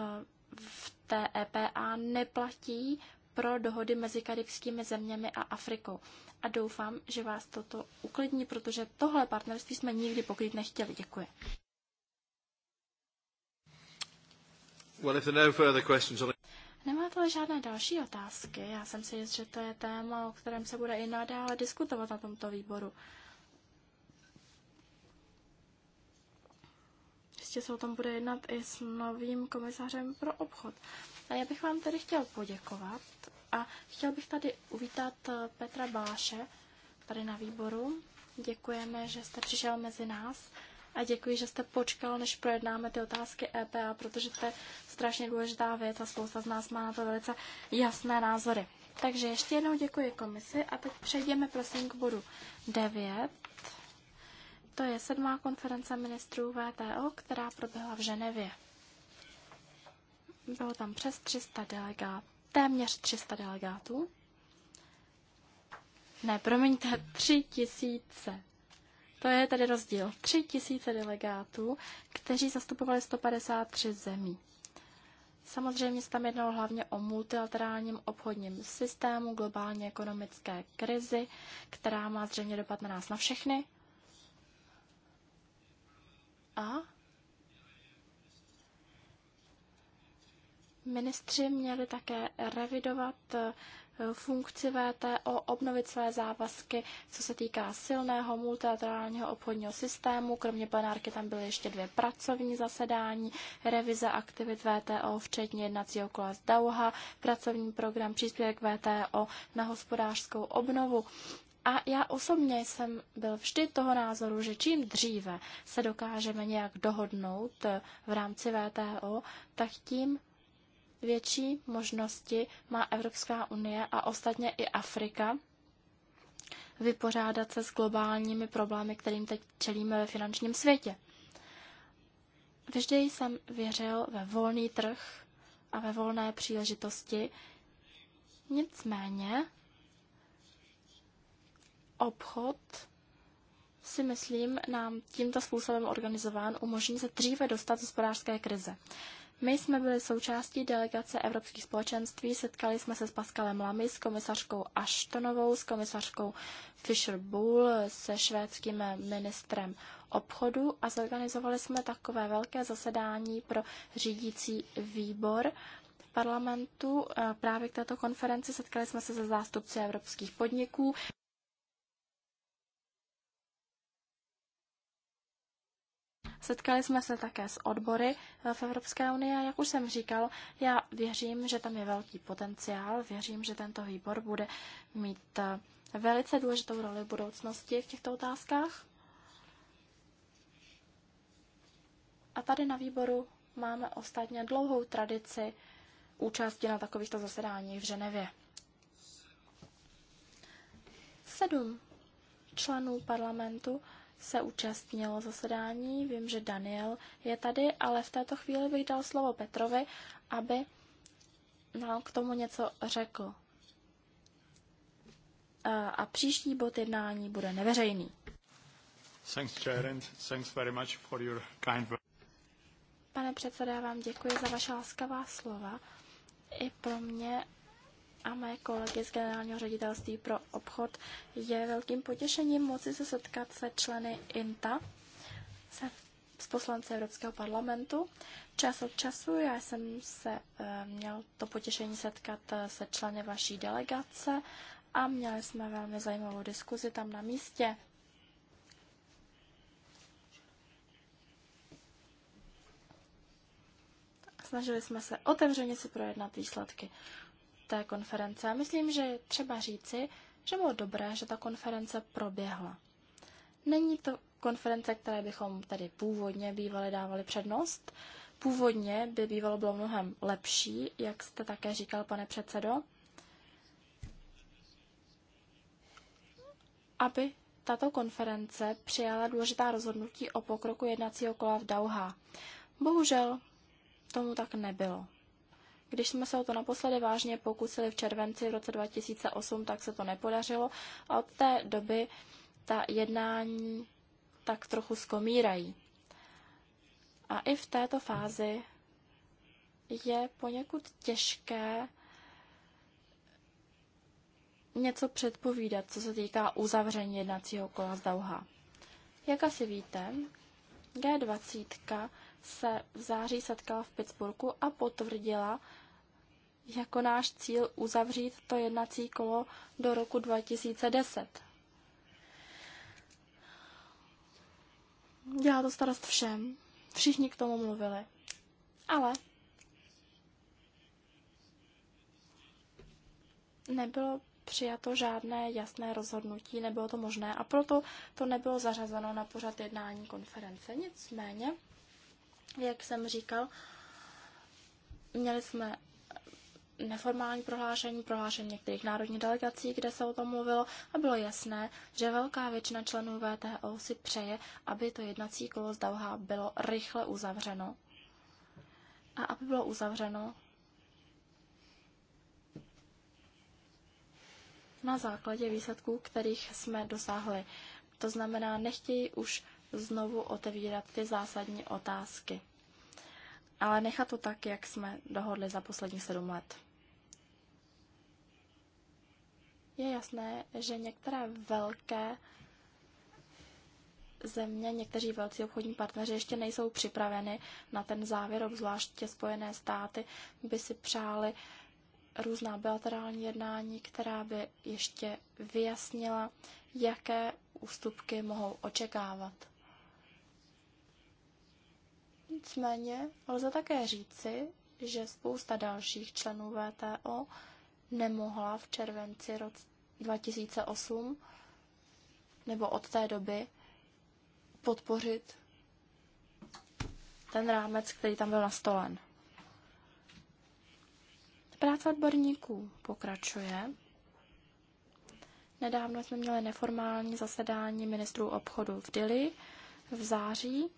v té EPA neplatí pro dohody mezi karibskými zeměmi a Afrikou. A doufám, že vás toto uklidní, protože tohle partnerství jsme nikdy pokryt nechtěli. Děkuji. Well, if there are no further questions on Nemáte ale žádné další otázky? Já jsem si jist, že to je téma, o kterém se bude i nadále diskutovat na tomto výboru. Jistě se o tom bude jednat i s novým komisařem pro obchod. A já bych vám tedy chtěl poděkovat a chtěl bych tady uvítat eh, Petra Báše tady na výboru. Děkujeme, že jste přišel mezi nás a děkuji, že jste počkal, než projednáme ty otázky EPA, protože to je strašně důležitá věc a spousta z nás má na to velice jasné názory. Takže ještě jednou děkuji komisi a teď přejdeme prosím k bodu 9. To je sedmá konference ministrů VTO, která proběhla v Ženevě. Bylo tam přes 300 delegátů, téměř 300 delegátů. Ne, promiňte, 3000 to je tedy rozdíl. Tři tisíce delegátů, kteří zastupovali 153 zemí. Samozřejmě se tam jednalo hlavně o multilaterálním obchodním systému, globální ekonomické krizi, která má zřejmě dopad na nás na všechny. A ministři měli také revidovat funkci VTO obnovit své závazky, co se týká silného multilaterálního obchodního systému. Kromě plenárky tam byly ještě dvě pracovní zasedání, revize aktivit VTO, včetně jednacího kola z Dauha, pracovní program, příspěvek VTO na hospodářskou obnovu. A já osobně jsem byl vždy toho názoru, že čím dříve se dokážeme nějak dohodnout v rámci VTO, tak tím větší možnosti má Evropská unie a ostatně i Afrika vypořádat se s globálními problémy, kterým teď čelíme ve finančním světě. Vždy jsem věřil ve volný trh a ve volné příležitosti, nicméně obchod si myslím, nám tímto způsobem organizován umožní se dříve dostat z hospodářské krize. My jsme byli součástí delegace Evropských společenství, setkali jsme se s Pascalem Lamy, s komisařkou Ashtonovou, s komisařkou Fisher Bull, se švédským ministrem obchodu a zorganizovali jsme takové velké zasedání pro řídící výbor parlamentu. E, právě k této konferenci setkali jsme se se zástupci evropských podniků, Setkali jsme se také s odbory eh, v Evropské unii a jak už jsem říkal, já věřím, že tam je velký potenciál, věřím, že tento výbor bude mít eh, velice důležitou roli v budoucnosti v těchto otázkách. A tady na výboru máme ostatně dlouhou tradici účasti na takovýchto zasedáních v Ženevě. Sedm členů parlamentu se účastnil zasedání. Vím, že Daniel je tady, ale v této chvíli bych dal slovo Petrovi, aby nám k tomu něco řekl. A příští bod jednání bude neveřejný. Thanks, Jared. Thanks very much for your kind words. Pane předseda, já vám děkuji za vaše laskavá slova. I pro mě a mé kolegy z Generálního ředitelství pro obchod je velkým potěšením moci se setkat se členy INTA, se z poslance Evropského parlamentu. Čas od času já jsem se eh, měl to potěšení setkat eh, se členy vaší delegace a měli jsme velmi zajímavou diskuzi tam na místě. Snažili jsme se otevřeně si projednat výsledky té konference. Myslím, že třeba říci, že bylo dobré, že ta konference proběhla. Není to konference, které bychom tady původně bývali dávali přednost. Původně by bývalo bylo mnohem lepší, jak jste také říkal, pane předsedo, aby tato konference přijala důležitá rozhodnutí o pokroku jednacího kola v Dauha. Bohužel tomu tak nebylo. Když jsme se o to naposledy vážně pokusili v červenci v roce 2008, tak se to nepodařilo a od té doby ta jednání tak trochu skomírají. A i v této fázi je poněkud těžké něco předpovídat, co se týká uzavření jednacího kola z Dauha. Jak asi víte, G20 se v září setkala v Pittsburghu a potvrdila jako náš cíl uzavřít to jednací kolo do roku 2010. Dělá to starost všem. Všichni k tomu mluvili. Ale nebylo přijato žádné jasné rozhodnutí, nebylo to možné a proto to nebylo zařazeno na pořad jednání konference. Nicméně jak jsem říkal, měli jsme neformální prohlášení, prohlášení některých národních delegací, kde se o tom mluvilo a bylo jasné, že velká většina členů VTO si přeje, aby to jednací kolo z Dauha bylo rychle uzavřeno. A aby bylo uzavřeno na základě výsledků, kterých jsme dosáhli. To znamená, nechtějí už znovu otevírat ty zásadní otázky. Ale nechat to tak, jak jsme dohodli za posledních sedm let. Je jasné, že některé velké země, někteří velcí obchodní partneři ještě nejsou připraveni na ten závěr, obzvláště Spojené státy by si přáli různá bilaterální jednání, která by ještě vyjasnila, jaké ústupky mohou očekávat. Nicméně lze také říci, že spousta dalších členů VTO nemohla v červenci roce 2008 nebo od té doby podpořit ten rámec, který tam byl nastolen. Práce odborníků pokračuje. Nedávno jsme měli neformální zasedání ministrů obchodu v Dili v září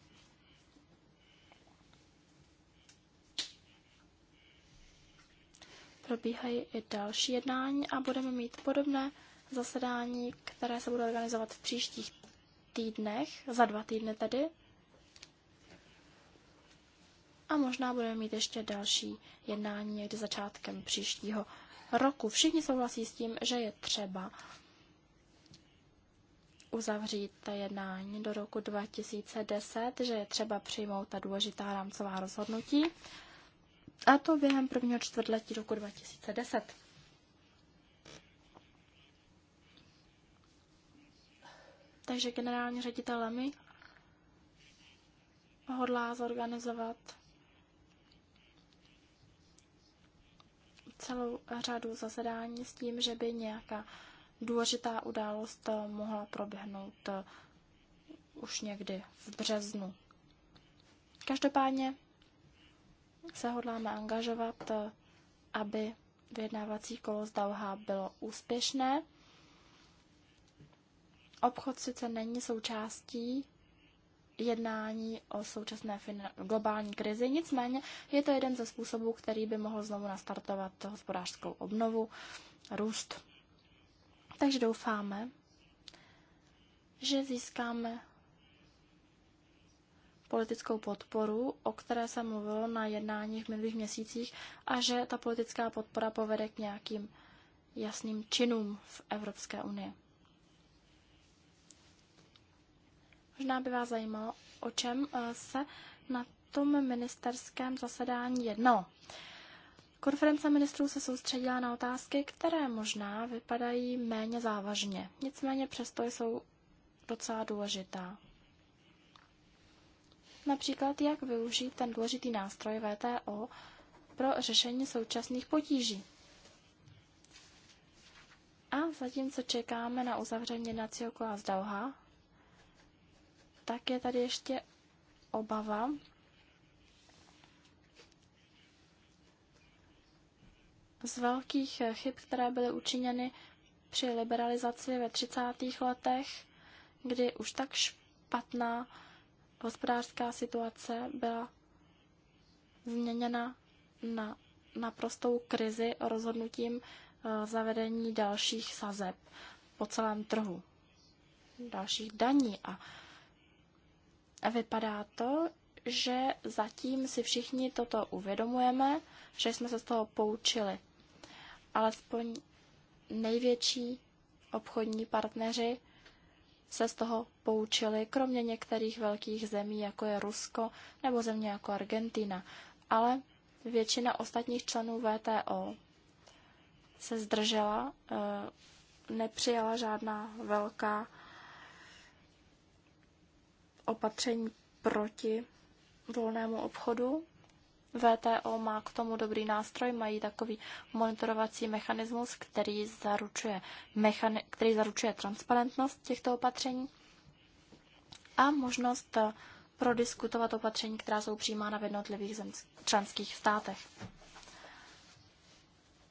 probíhají i další jednání a budeme mít podobné zasedání, které se bude organizovat v příštích týdnech, za dva týdny tedy. A možná budeme mít ještě další jednání někdy začátkem příštího roku. Všichni souhlasí s tím, že je třeba uzavřít ta jednání do roku 2010, že je třeba přijmout ta důležitá rámcová rozhodnutí a to během prvního čtvrtletí roku 2010. Takže generální ředitel Lamy hodlá zorganizovat celou řadu zasedání s tím, že by nějaká důležitá událost mohla proběhnout už někdy v březnu. Každopádně se hodláme angažovat, eh, aby vyjednávací kolo z Dauha bylo úspěšné. Obchod sice není součástí jednání o současné globální krizi, nicméně je to jeden ze způsobů, který by mohl znovu nastartovat hospodářskou obnovu, růst. Takže doufáme, že získáme politickou podporu, o které se mluvilo na jednáních v minulých měsících, a že ta politická podpora povede k nějakým jasným činům v Evropské unii. Možná by vás zajímalo, o čem eh, se na tom ministerském zasedání jednalo. Konference ministrů se soustředila na otázky, které možná vypadají méně závažně, nicméně přesto jsou docela důležitá. Například, jak využít ten důležitý nástroj VTO pro řešení současných potíží. A zatímco čekáme na uzavření jednacího kola z Dauha, tak je tady ještě obava, z velkých chyb, které byly učiněny při liberalizaci ve 30. letech, kdy už tak špatná hospodářská situace byla změněna na naprostou krizi rozhodnutím eh, zavedení dalších sazeb po celém trhu, dalších daní. A vypadá to, že zatím si všichni toto uvědomujeme, že jsme se z toho poučili. Alespoň největší obchodní partneři se z toho poučili, kromě některých velkých zemí, jako je Rusko nebo země jako Argentina. Ale většina ostatních členů VTO se zdržela, eh, nepřijala žádná velká opatření proti volnému obchodu VTO má k tomu dobrý nástroj, mají takový monitorovací mechanismus, který zaručuje, mechani- který zaručuje transparentnost těchto opatření a možnost eh, prodiskutovat opatření, která jsou přijímána v jednotlivých členských státech.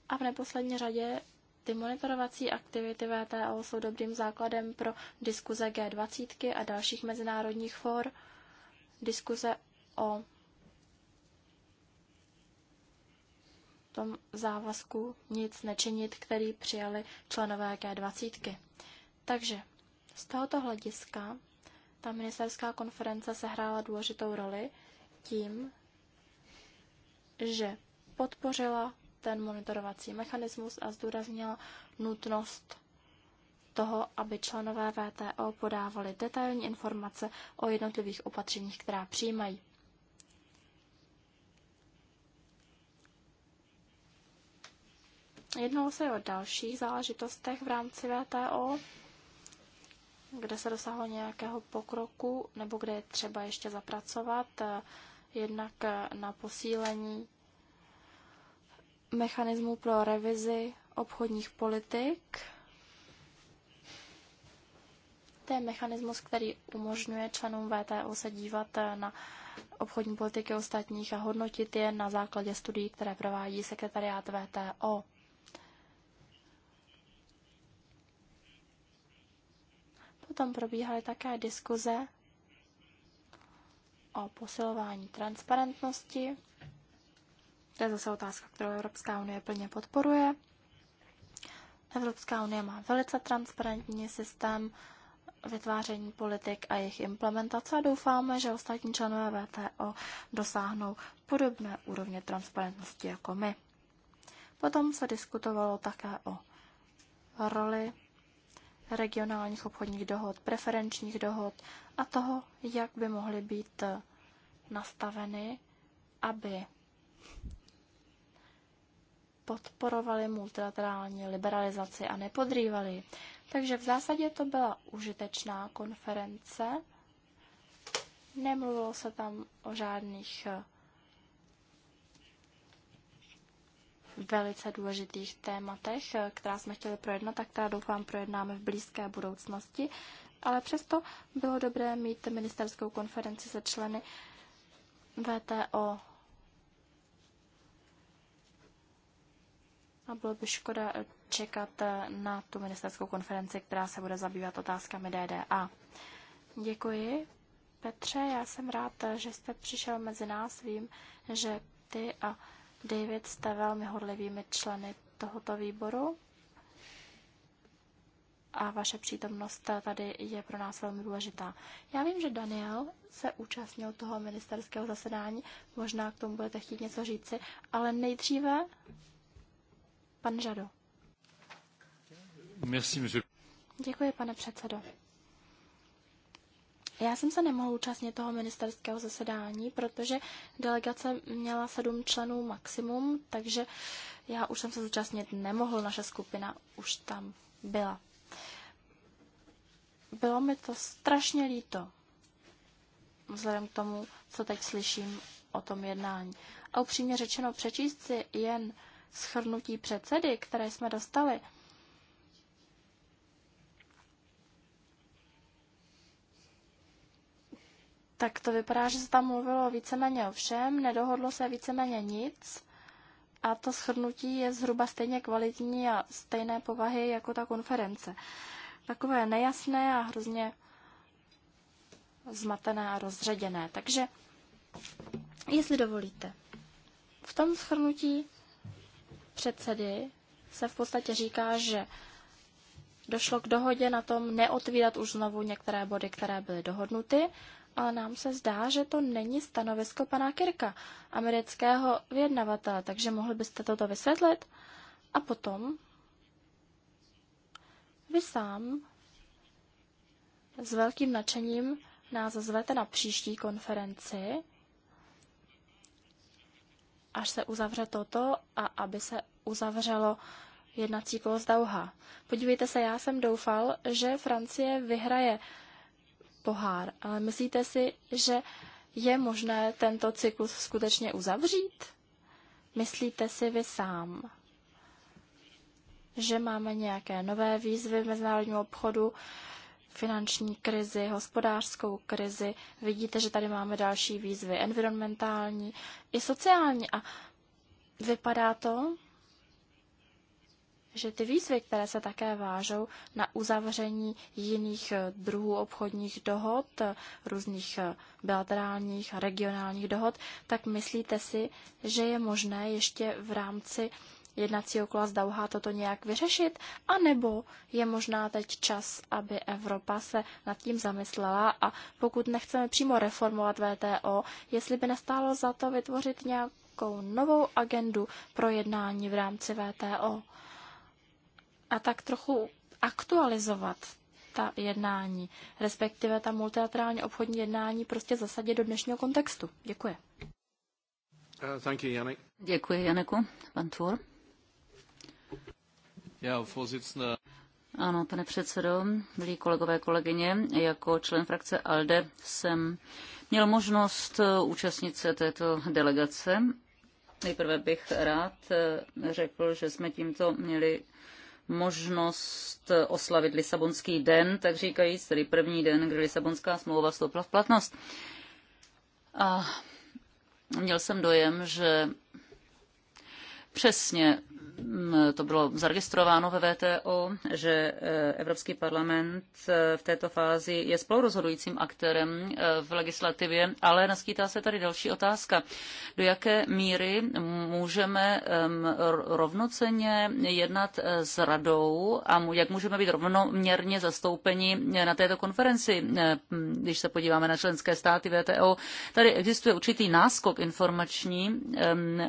A v neposlední řadě ty monitorovací aktivity VTO jsou dobrým základem pro diskuze G20 a dalších mezinárodních for, diskuze o tom závazku nic nečinit, který přijali členové G20. Takže z tohoto hlediska ta ministerská konference sehrála důležitou roli tím, že podpořila ten monitorovací mechanismus a zdůraznila nutnost toho, aby členové VTO podávali detailní informace o jednotlivých opatřeních, která přijímají. Jednalo se o dalších záležitostech v rámci VTO, kde se dosáhlo nějakého pokroku nebo kde je třeba ještě zapracovat, eh, jednak eh, na posílení mechanismu pro revizi obchodních politik. To je mechanismus, který umožňuje členům VTO se dívat eh, na obchodní politiky ostatních a hodnotit je na základě studií, které provádí sekretariát VTO. Potom probíhaly také diskuze o posilování transparentnosti. To je zase otázka, kterou Evropská unie plně podporuje. Evropská unie má velice transparentní systém vytváření politik a jejich implementace a doufáme, že ostatní členové VTO dosáhnou podobné úrovně transparentnosti jako my. Potom se diskutovalo také o roli regionálních obchodních dohod, preferenčních dohod a toho, jak by mohly být eh, nastaveny, aby podporovali multilaterální liberalizaci a nepodrývali. Takže v zásadě to byla užitečná konference. Nemluvilo se tam o žádných eh, velice důležitých tématech, která jsme chtěli projednat, tak která doufám projednáme v blízké budoucnosti. Ale přesto bylo dobré mít ministerskou konferenci se členy VTO. A bylo by škoda čekat na tu ministerskou konferenci, která se bude zabývat otázkami DDA. Děkuji. Petře, já jsem rád, že jste přišel mezi nás. Vím, že ty a David jste velmi hodlivými členy tohoto výboru a vaše přítomnost tady je pro nás velmi důležitá. Já vím, že Daniel se účastnil toho ministerského zasedání, možná k tomu budete chtít něco říci, ale nejdříve pan Žado. Děkuji, pane předsedo. Já jsem se nemohla účastnit toho ministerského zasedání, protože delegace měla sedm členů maximum, takže já už jsem se zúčastnit nemohl, naše skupina už tam byla. Bylo mi to strašně líto, vzhledem k tomu, co teď slyším o tom jednání. A upřímně řečeno, přečíst si jen schrnutí předsedy, které jsme dostali, tak to vypadá, že se tam mluvilo víceméně o všem, nedohodlo se víceméně nic a to shrnutí je zhruba stejně kvalitní a stejné povahy jako ta konference. Takové nejasné a hrozně zmatené a rozředěné. Takže, jestli dovolíte, v tom shrnutí předsedy se v podstatě říká, že došlo k dohodě na tom neotvírat už znovu některé body, které byly dohodnuty ale nám se zdá, že to není stanovisko pana Kirka, amerického vyjednavatele, takže mohli byste toto vysvětlit? A potom vy sám s velkým nadšením nás zvete na příští konferenci, až se uzavře toto a aby se uzavřelo jednací kolo z Dauha. Podívejte se, já jsem doufal, že Francie vyhraje pohár, ale myslíte si, že je možné tento cyklus skutečně uzavřít? Myslíte si vy sám, že máme nějaké nové výzvy v mezinárodním obchodu, finanční krizi, hospodářskou krizi. Vidíte, že tady máme další výzvy environmentální i sociální a vypadá to, že ty výzvy, které se také vážou na uzavření jiných eh, druhů obchodních dohod, eh, různých eh, bilaterálních a regionálních dohod, tak myslíte si, že je možné ještě v rámci jednacího kola z Dauha toto nějak vyřešit, anebo je možná teď čas, aby Evropa se nad tím zamyslela a pokud nechceme přímo reformovat VTO, jestli by nestálo za to vytvořit nějakou novou agendu pro jednání v rámci VTO a tak trochu aktualizovat ta jednání, respektive ta multilaterální obchodní jednání prostě zasadit do dnešního kontextu. Děkuji. Uh, thank you, Janek. Děkuji, Janeku. Pan Tvor. Já, ano, pane předsedo, milí kolegové, kolegyně, jako člen frakce ALDE jsem měl možnost uh, účastnit se této delegace. Nejprve bych rád uh, řekl, že jsme tímto měli možnost oslavit Lisabonský den, tak říkajíc, tedy první den, kdy Lisabonská smlouva vstoupila v platnost. A měl jsem dojem, že přesně Mm, to bylo zaregistrováno ve VTO, že eh, Evropský parlament eh, v této fázi je spolurozhodujícím aktérem eh, v legislativě, ale naskýtá se tady další otázka. Do jaké míry můžeme rovnoceně jednat s radou a jak můžeme být rovnoměrně zastoupeni na této konferenci, když se podíváme na členské státy VTO. Tady existuje určitý náskok informační,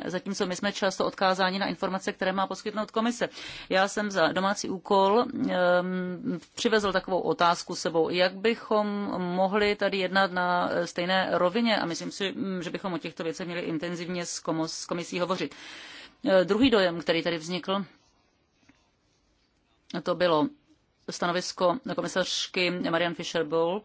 zatímco my jsme často odkázáni na informace, které má poskytnout komise. Já jsem za domácí úkol ehm, přivezl takovou otázku sebou, jak bychom mohli tady jednat na stejné rovině a myslím si, mm, že bychom o těchto věcech měli intenzivně s komisí hovořit. Eh, druhý dojem, který tady vznikl, to bylo stanovisko komisařky Marian fischer boll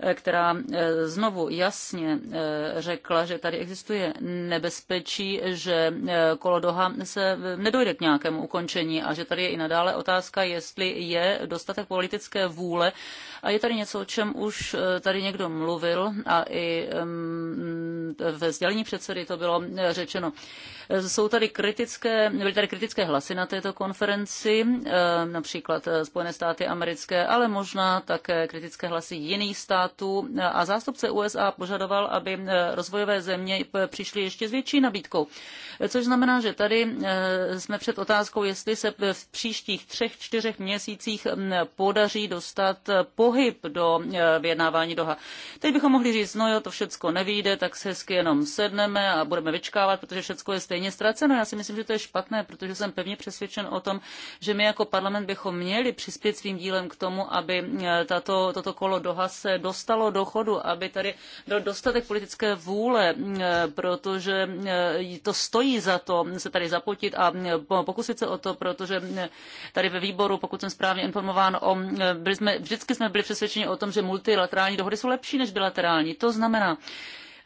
eh, která eh, znovu jasně eh, řekla, že tady existuje nebezpečí, že kolo Doha se nedojde k nějakému ukončení a že tady je i nadále otázka, jestli je dostatek politické vůle. A je tady něco, o čem už tady někdo mluvil a i ehm, ve sdělení předsedy to bylo řečeno. Jsou tady kritické, byly tady kritické hlasy na této konferenci, například Spojené státy státy americké, ale možná také kritické hlasy jiných států. A zástupce USA požadoval, aby eh, rozvojové země přišly ještě s větší nabídkou. Což znamená, že tady eh, jsme před otázkou, jestli se v příštích třech, čtyřech měsících podaří dostat eh, pohyb do vyjednávání Doha. Teď bychom mohli říct, no jo, to všecko nevíde, tak se hezky jenom sedneme a budeme vyčkávat, protože všecko je stejně ztraceno. Já si myslím, že to je špatné, protože jsem pevně přesvědčen o tom, že my jako parlament bychom měli přispět svým důležitým dílem k tomu, aby eh, tato, toto kolo Doha se dostalo do chodu, aby tady byl dostatek politické vůle, mm, eh, protože eh, to stojí za to se tady zapotit a pokusit se o to, protože mm, tady ve výboru, pokud jsem správně informován, o, mm, byli jsme, vždycky jsme byli přesvědčeni o tom, že multilaterální dohody jsou lepší než bilaterální. To znamená,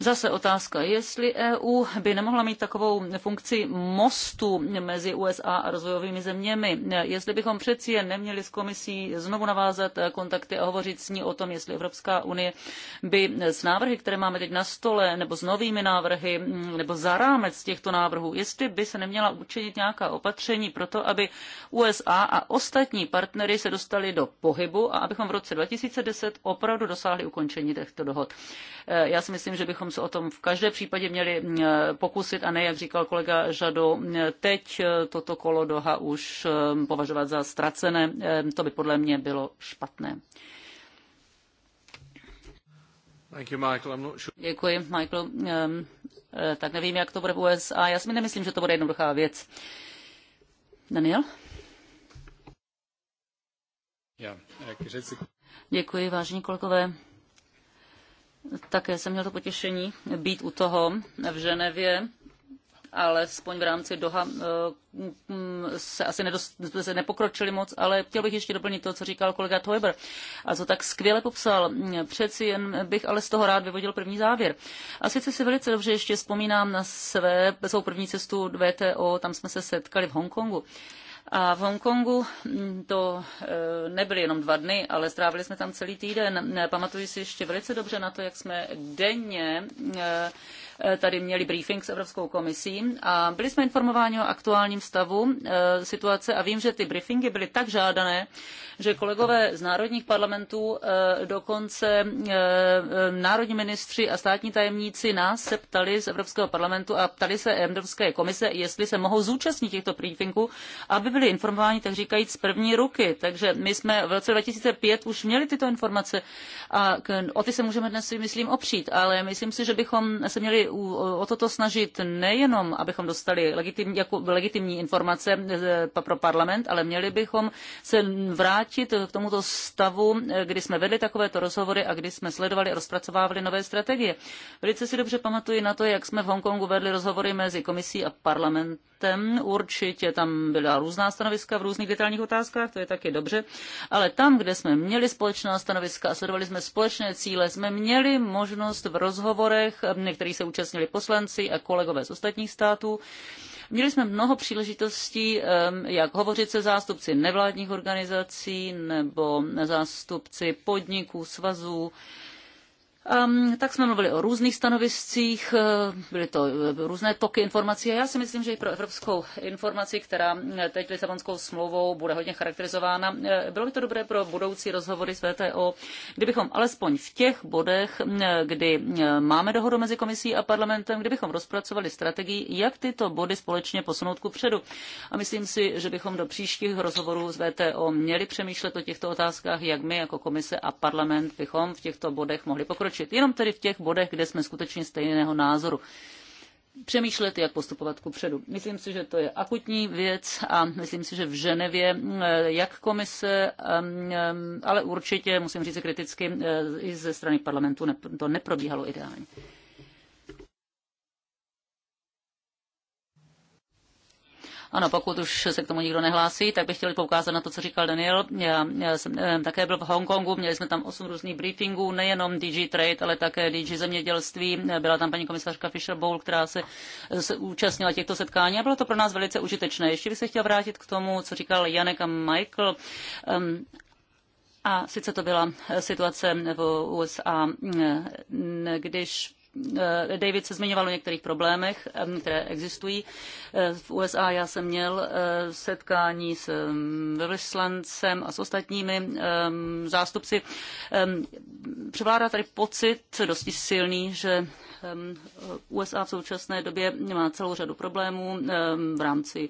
Zase otázka, jestli EU by nemohla mít takovou funkci mostu mezi USA a rozvojovými zeměmi, jestli bychom přeci jen neměli s komisí znovu navázat kontakty a hovořit s ní o tom, jestli Evropská unie by s návrhy, které máme teď na stole, nebo s novými návrhy, nebo za rámec těchto návrhů, jestli by se neměla učinit nějaká opatření pro to, aby USA a ostatní partnery se dostali do pohybu a abychom v roce 2010 opravdu dosáhli ukončení těchto dohod. Já si myslím, že bychom bychom se o tom v každém případě měli eh, pokusit a ne, jak říkal kolega Žado, eh, teď eh, toto kolo Doha už považovat za ztracené. To by podle mě bylo špatné. You, Michael. Sure. Děkuji, Michael. Ehm, tak nevím, jak to bude v USA. Já si nemyslím, že to bude jednoduchá věc. Daniel? Yeah. Děkuji, vážení kolegové. Také jsem měl to potěšení být u toho v Ženevě, ale spoň v rámci Doha eh, se asi nedost, se nepokročili moc, ale chtěl bych ještě doplnit to, co říkal kolega Toeber a co tak skvěle popsal. Přeci jen bych ale z toho rád vyvodil první závěr. A sice si velice dobře ještě vzpomínám na své, svou první cestu VTO, tam jsme se setkali v Hongkongu. A v Hongkongu mm, to e, nebyly jenom dva dny, ale strávili jsme tam celý týden. Pamatuji si ještě velice dobře na to, jak jsme denně e, Eh, tady měli briefing s Evropskou komisí a byli jsme informováni o aktuálním stavu eh, situace a vím, že ty briefingy byly tak žádané, že kolegové z národních parlamentů, eh, dokonce národní ministři a státní tajemníci nás se ptali z Evropského parlamentu a ptali se Evropské komise, jestli se mohou zúčastnit těchto briefingů, aby byli informováni, tak říkajíc, z první ruky. Takže my jsme v roce 2005 už měli tyto informace a o ty se můžeme dnes, myslím, opřít, ale myslím si, že bychom se měli o toto snažit nejenom, abychom dostali legitim, jako legitimní informace eh, pro parlament, ale měli bychom se vrátit k tomuto stavu, eh, kdy jsme vedli takovéto rozhovory a kdy jsme sledovali a rozpracovávali nové strategie. Velice si dobře pamatuji na to, jak jsme v Hongkongu vedli rozhovory mezi komisí a parlamentem tématem. Určitě tam byla různá stanoviska v různých detailních otázkách, to je taky dobře, ale tam, kde jsme měli společná stanoviska a sledovali jsme společné cíle, jsme měli možnost v rozhovorech, některých se účastnili poslanci a kolegové z ostatních států, Měli jsme mnoho příležitostí, jak hovořit se zástupci nevládních organizací nebo zástupci podniků, svazů, Ehm, tak jsme mluvili o různých stanoviscích, eh, byly to eh, různé toky informací a já si myslím, že i pro evropskou informaci, která eh, teď Lisabonskou smlouvou bude hodně charakterizována, bylo by to dobré pro budoucí rozhovory s VTO, kdybychom alespoň v těch bodech, kdy máme dohodu mezi komisí a parlamentem, kdybychom rozpracovali strategii, jak tyto body společně posunout ku předu. A myslím si, že bychom do příštích rozhovorů s VTO měli přemýšlet o těchto otázkách, jak my jako komise a parlament bychom v těchto bodech mohli pokročit pokročit. Jenom tedy v těch bodech, kde jsme skutečně stejného názoru přemýšlet, jak postupovat ku předu. Myslím si, že to je akutní věc a myslím si, že v Ženevě eh, jak komise, ehm, ehm, ale určitě, musím říct kriticky, eh, i ze strany parlamentu to neprobíhalo ideálně. Ano, pokud už se k tomu nikdo nehlásí, tak bych chtěl poukázat na to, co říkal Daniel. Já, já jsem eh, také byl v Hongkongu, měli jsme tam osm různých briefingů, nejenom DG Trade, ale také DG zemědělství. Byla tam paní komisařka Fisher Bowl, která se, se účastnila těchto setkání a bylo to pro nás velice užitečné. Ještě bych se chtěl vrátit k tomu, co říkal Janek a Michael. Um, a sice to byla eh, situace v USA, eh, když Eh, David se zmiňoval o některých problémech, které existují. Eh, v USA já jsem měl eh, setkání s velvyslancem a s ostatními zástupci. Převládá tady pocit dosti silný, že USA v současné době má celou řadu problémů v rámci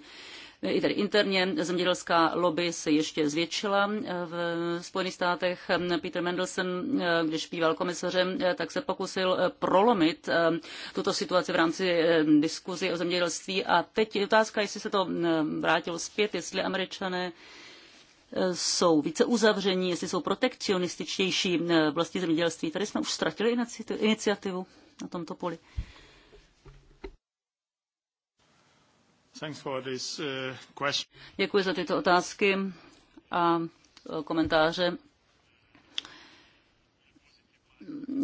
Eh, i tedy interně zemědělská lobby se ještě zvětšila eh, v Spojených státech. Eh, Peter Mendelssohn, když býval komisařem, tak se pokusil prolomit tuto situaci v rámci diskuzi o zemědělství. A teď je otázka, jestli se to vrátilo zpět, jestli američané jsou více uzavření, jestli jsou protekcionističtější vlastní zemědělství. Tady jsme už ztratili iniciativu na tomto poli. Uh, děkuji za tyto otázky a e, komentáře.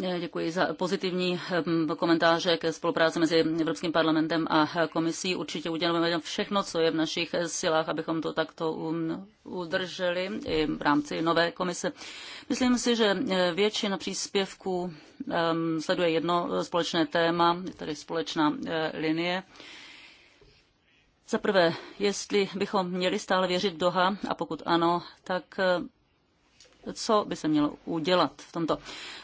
E, děkuji za pozitivní e, komentáře ke spolupráci mezi Evropským parlamentem a komisí. Určitě uděláme všechno, co je v našich silách, abychom to takto um, udrželi i v rámci nové komise. Myslím si, že většina příspěvků sleduje jedno společné téma, tedy společná linie. Za prvé, jestli bychom měli stále věřit Doha a pokud ano, tak eh, co by se mělo udělat v tomto.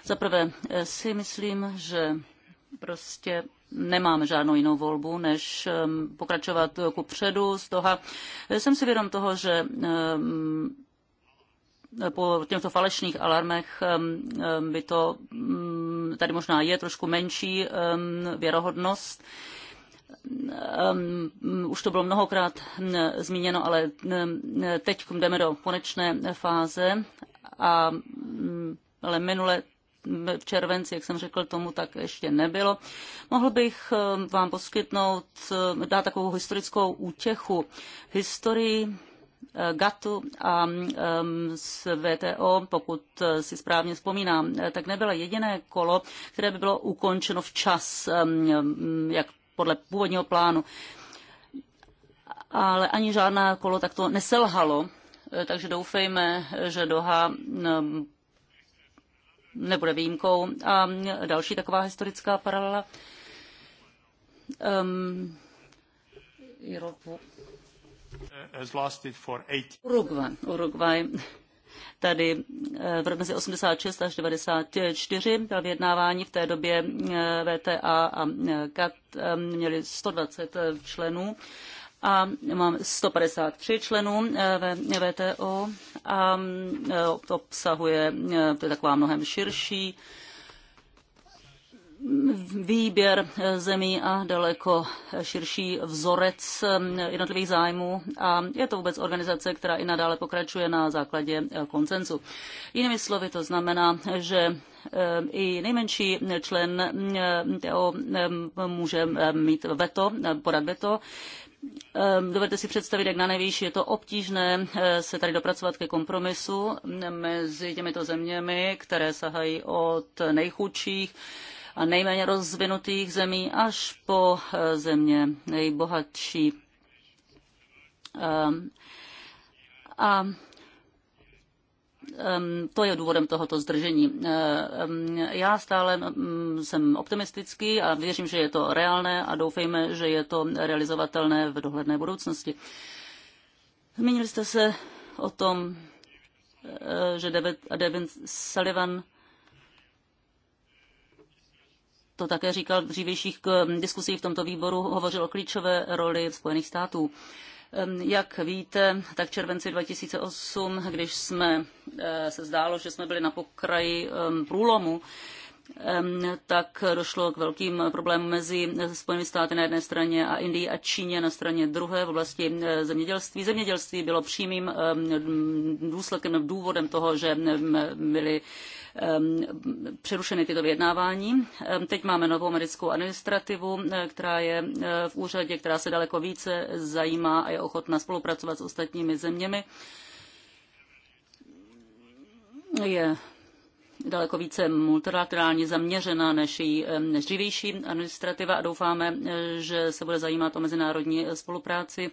Za prvé eh, si myslím, že prostě nemáme žádnou jinou volbu, než ehm, pokračovat ku předu z toho. Jsem si vědom toho, že ehm, po těchto falešných alarmech ehm, by to mm, tady možná je trošku menší věrohodnost Ehm, už to bylo mnohokrát hm, zmíněno, ale hm, teď jdeme do konečné fáze, a, hm, ale minule v červenci, jak jsem řekl, tomu tak ještě nebylo. Mohl bych vám poskytnout, dát takovou historickou útěchu, historii eh, GATU a z VTO, pokud eh, si správně vzpomínám, eh, tak nebylo jediné kolo, které by bylo ukončeno včas, jak podle původního plánu. Ale ani žádná kolo takto neselhalo, e, takže doufejme, že Doha nebude výjimkou. A další taková historická paralela. Um, Uruguay. Uruguay Tady eh, roce 86 až 94 byla vyjednávání v té době eh, VTA a KAT eh, měli 120 členů a mám 153 členů ve VTO a to obsahuje, to je taková mnohem širší výběr eh, zemí a daleko širší vzorec eh, jednotlivých zájmů a je to vůbec organizace, která i nadále pokračuje na základě eh, koncensu. Jinými slovy to znamená, že i nejmenší člen TO může mít veto, podat veto, Dovedete si představit, jak na nejvýš je to obtížné se tady dopracovat ke kompromisu mezi těmito zeměmi, které sahají od nejchudších a nejméně rozvinutých zemí až po eh, země nejbohatší. Ehm, a ehm, to je důvodem tohoto zdržení. Ehm, já stále mm, jsem optimistický a věřím, že je to reálné a doufejme, že je to realizovatelné v dohledné budoucnosti. Zmínili jste se o tom, eh, že David, David Sullivan to také říkal v dřívějších diskusích v tomto výboru, hovořil o klíčové roli Spojených států. Jak víte, tak v červenci 2008, když jsme e, se zdálo, že jsme byli na pokraji průlomu, tak došlo k velkým problémům mezi Spojenými státy na jedné straně a Indii a Číně na straně druhé v oblasti e, zemědělství. Zemědělství bylo přímým důsledkem důvodem toho, že byly Ehm, přerušeny tyto vyjednávání. Ehm, teď máme novou americkou administrativu, eh, která je eh, v úřadě, která se daleko více zajímá a je ochotná spolupracovat s ostatními zeměmi. Je daleko více multilaterálně zaměřena než, její, ehm, než dřívější administrativa a doufáme, eh, že se bude zajímat o mezinárodní spolupráci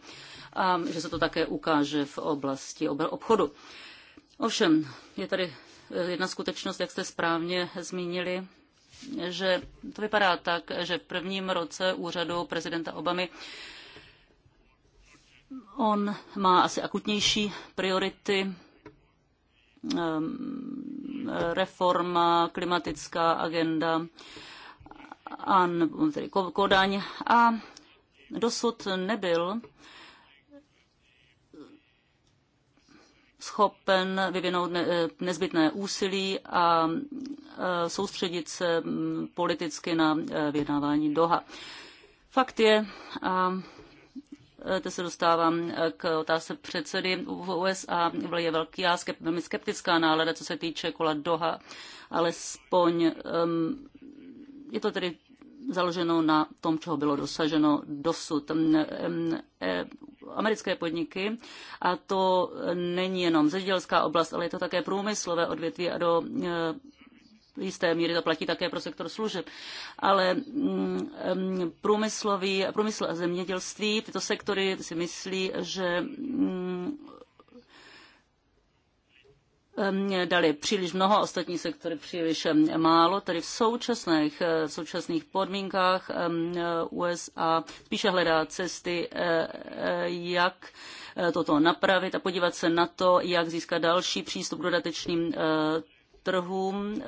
a že se to také ukáže v oblasti obchodu. Ovšem, je tady Eh, jedna skutečnost, jak jste správně zmínili, že to vypadá tak, že v prvním roce úřadu prezidenta Obamy on má asi akutnější priority eh, reforma, klimatická agenda, a, Kodaň a dosud nebyl schopen vyvinout eh, nezbytné úsilí a eh, soustředit se mm, politicky na eh, vyjednávání Doha. Fakt je, a teď se dostávám k otázce předsedy v USA, je velký, a velmi skeptická nálada, co se týče kola Doha, alespoň um, je to tedy založeno na tom, čeho bylo dosaženo dosud. Ehm, americké podniky a to není jenom zemědělská oblast, ale je to také průmyslové odvětví a do e, jisté míry to platí také pro sektor služeb, ale mm, mm, průmyslový, průmysl a zemědělství, tyto sektory si myslí, že mm, Ehm, dali příliš mnoho, ostatní sektory příliš ehm, málo. Tady v současných, eh, v současných podmínkách ehm, eh, USA spíše hledá cesty, eh, jak toto napravit a podívat se na to, jak získat další přístup k dodatečným trhům.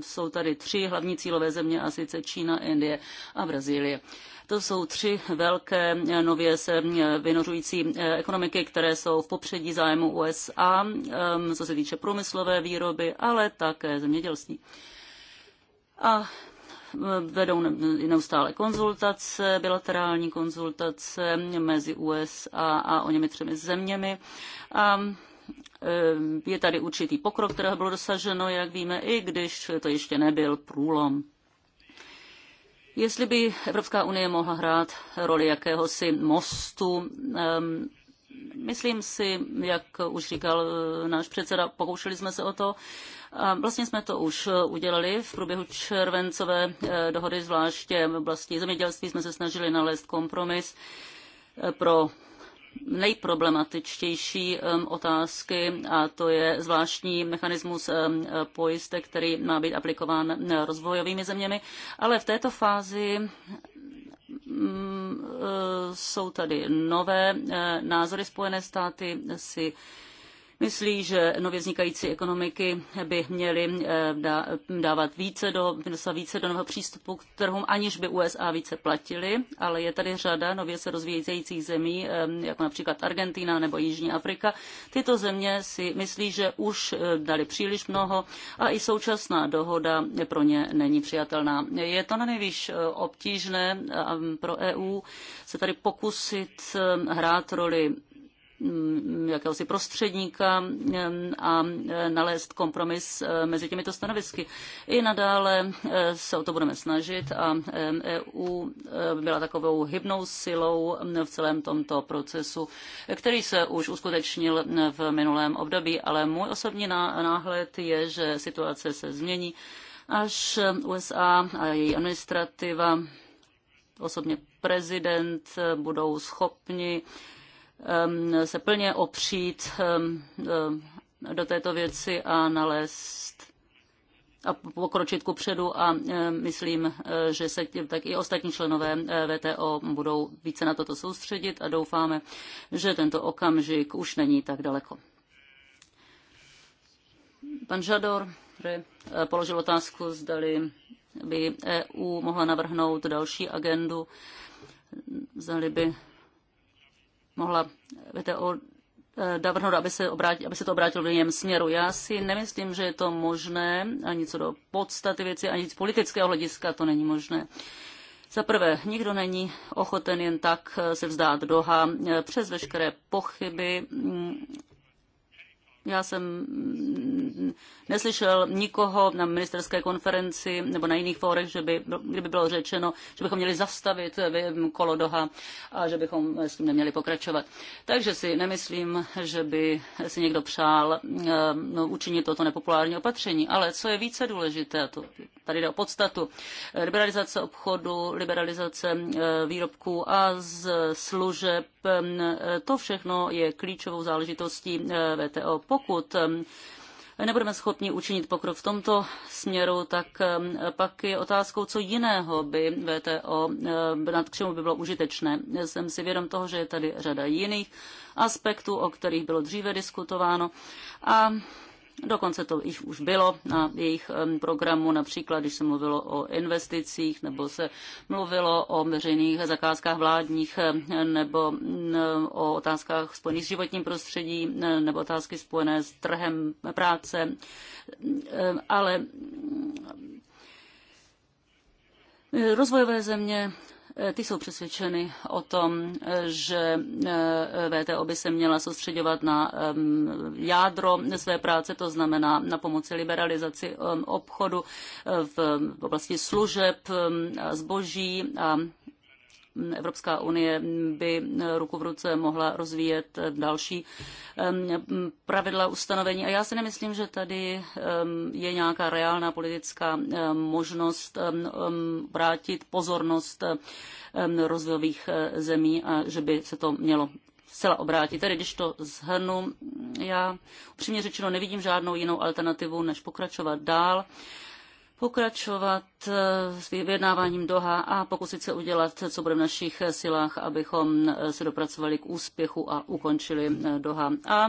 Jsou tady tři hlavní cílové země, a sice Čína, Indie a Brazílie. To jsou tři velké eh, nově se eh, vynořující eh, ekonomiky, které jsou v popředí zájmu USA, ehm, co se týče průmyslové výroby, ale také zemědělství. A vedou neustále konzultace, bilaterální konzultace mezi USA a o němi třemi zeměmi. A ehm, je tady určitý pokrok, kterého bylo dosaženo, jak víme, i když to ještě nebyl průlom. Jestli by Evropská unie mohla hrát roli jakéhosi mostu, myslím si, jak už říkal eh, náš předseda, pokoušeli jsme se o to, a vlastně jsme to už eh, udělali v průběhu červencové eh, dohody, zvláště v oblasti zemědělství jsme se snažili nalézt kompromis pro nejproblematičtější um, otázky a to je zvláštní mechanismus um, pojistek, který má být aplikován uh, rozvojovými zeměmi, ale v této fázi mm, uh, jsou tady nové uh, názory. Spojené státy si Myslí, že nově vznikající ekonomiky by měly eh, dávat více do, více do nového přístupu k trhům, aniž by USA více platili, ale je tady řada nově se rozvíjejících zemí, eh, jako například Argentina nebo Jižní Afrika. Tyto země si myslí, že už eh, dali příliš mnoho a i současná dohoda pro ně není přijatelná. Je to na nejvíc obtížné pro EU se tady pokusit hrát roli Mm, jakéhosi prostředníka mm, a e, nalézt kompromis e, mezi těmito stanovisky. I nadále e, se o to budeme snažit a EU byla takovou hybnou silou mm, v celém tomto procesu, který se už uskutečnil v minulém období, ale můj osobní náhled je, že situace se změní až USA a její administrativa, osobně prezident, budou schopni Ehm, se plně opřít ehm, ehm, do této věci a nalézt a pokročit ku předu a myslím, eh, že se tak i ostatní členové eh, VTO budou více na toto soustředit a doufáme, že tento okamžik už není tak daleko. Pan Žador eh, položil otázku, zdali by EU mohla navrhnout další agendu, zdali by mohla VTO eh, navrhnout, aby se, aby se to obrátilo v jiném směru. Já si nemyslím, že je to možné, ani co do podstaty věci, ani z politického hlediska to není možné. Za prvé, nikdo není ochoten jen tak eh, se vzdát doha eh, přes veškeré pochyby mm, já jsem mm, neslyšel nikoho na ministerské konferenci nebo na jiných fórech, že by, kdyby bylo řečeno, že bychom měli zastavit eh, mm, kolo Doha a že bychom eh, s tím neměli pokračovat. Takže si nemyslím, že by si někdo přál eh, no, učinit toto nepopulární opatření. Ale co je více důležité, to tady jde o podstatu, liberalizace obchodu, liberalizace výrobků a z služeb, mm, to všechno je klíčovou záležitostí VTO pokud um, nebudeme schopni učinit pokrok v tomto směru, tak um, pak je otázkou, co jiného by VTO, k uh, čemu by bylo užitečné. Jsem si vědom toho, že je tady řada jiných aspektů, o kterých bylo dříve diskutováno. A Dokonce to jich už bylo na jejich programu, například když se mluvilo o investicích, nebo se mluvilo o veřejných zakázkách vládních, nebo o otázkách spojených s životním prostředí, nebo otázky spojené s trhem práce. Ale rozvojové země Eh, ty jsou přesvědčeny o tom, eh, že eh, VTO by se měla soustředovat na jádro své práce, to znamená na pomoci liberalizaci obchodu v oblasti služeb, zboží a Evropská unie by eh, ruku v ruce mohla rozvíjet eh, další ehm, pravidla ustanovení. A já si nemyslím, že tady ehm, je nějaká reálná politická ehm, možnost vrátit pozornost rozvojových eh, zemí a že by se to mělo zcela obrátit. Tedy když to zhrnu, já upřímně řečeno nevidím žádnou jinou alternativu, než pokračovat dál pokračovat eh, s vyjednáváním Doha a pokusit se udělat, co bude v našich silách, abychom eh, se dopracovali k úspěchu a ukončili eh, Doha. A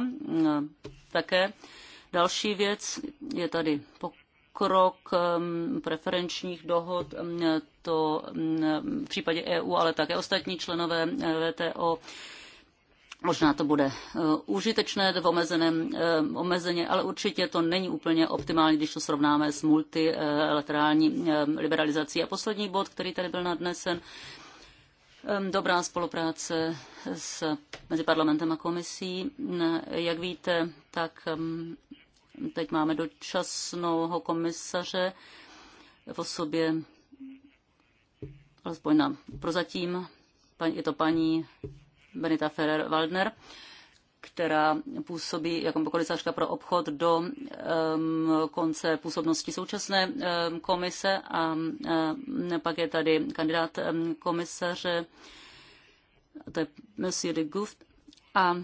také další věc je tady pokrok ehm, preferenčních dohod, ehm, to ehm, v případě EU, ale také ostatní členové VTO Možná to bude eh, užitečné v omezeném, eh, omezeně, ale určitě to není úplně optimální, když to srovnáme s multilaterální eh, liberalizací. A poslední bod, který tady byl nadnesen, dobrá spolupráce s, mezi parlamentem a komisí. Jak víte, tak teď máme dočasného komisaře v osobě, alespoň na prozatím, je to paní Benita Ferrer-Waldner, která působí jako komisařka pro obchod do um, konce působnosti současné um, komise a um, pak je tady kandidát um, komisaře, to je Monsieur de Gouft. a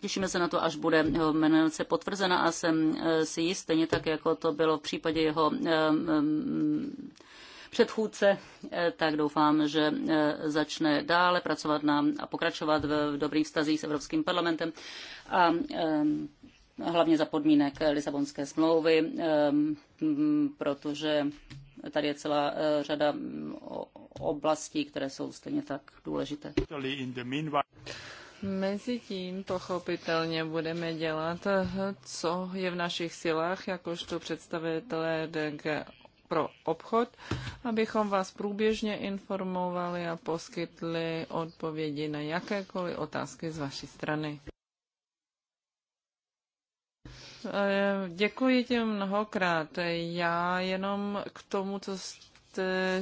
Těšíme se na to, až bude jeho jmenace potvrzena a jsem e, si jist, stejně tak, jako to bylo v případě jeho předchůdce, eh, tak doufám, že eh, začne dále pracovat na a pokračovat v dobrých vztazích s Evropským parlamentem. A eh, hlavně za podmínek Lisabonské smlouvy, protože tady je celá řada oblastí, které jsou stejně tak důležité. Mezitím pochopitelně budeme dělat, co je v našich silách, jakožto představitelé DG pro obchod, abychom vás průběžně informovali a poskytli odpovědi na jakékoliv otázky z vaší strany. Eh, děkuji ti mnohokrát. Já jenom k tomu, co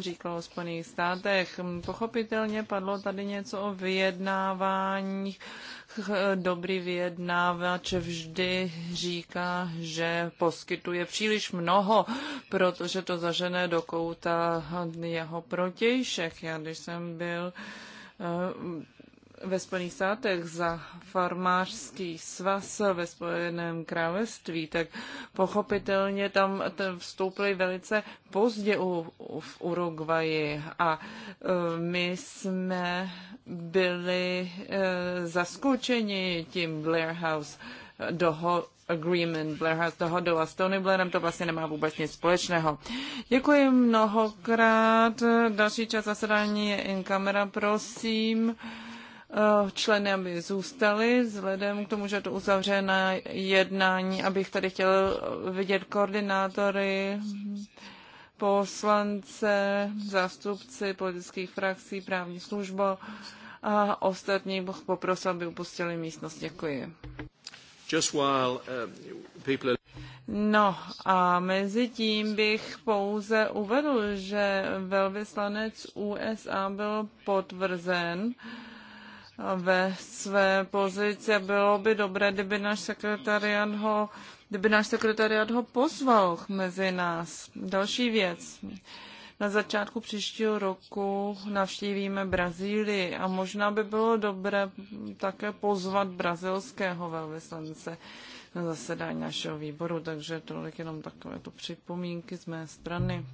říkal o Spojených státech. Pochopitelně padlo tady něco o vyjednávání. Dobrý vyjednávač vždy říká, že poskytuje příliš mnoho, protože to zažené do kouta jeho protějšek. Já když jsem byl ve Spojených státech za farmářský svaz ve Spojeném království, tak pochopitelně tam vstoupili velice pozdě u, u, v Uruguayi a e, my jsme byli e, zaskočeni tím Blair House doho- agreement Blair House dohodou a s Tony Blairem to vlastně nemá vůbec nic společného. Děkuji mnohokrát. Další čas zasedání je in kamera, prosím. Eh, členy, aby zůstali, vzhledem k tomu, že to uzavřené jednání, abych tady chtěl vidět koordinátory, poslance, zástupci politických frakcí, právní služba a ostatní bych poprosil, aby upustili místnost. Děkuji. Eh, no a mezi tím bych pouze uvedl, že velvyslanec USA byl potvrzen uh, ve své pozici a bylo by dobré, kdyby náš sekretariat ho, kdyby náš sekretariat ho pozval mezi nás. Další věc. Na začátku příštího roku navštívíme Brazílii a možná by bylo dobré také pozvat brazilského velvyslance na zasedání našeho výboru, takže tolik jenom takové to připomínky z mé strany.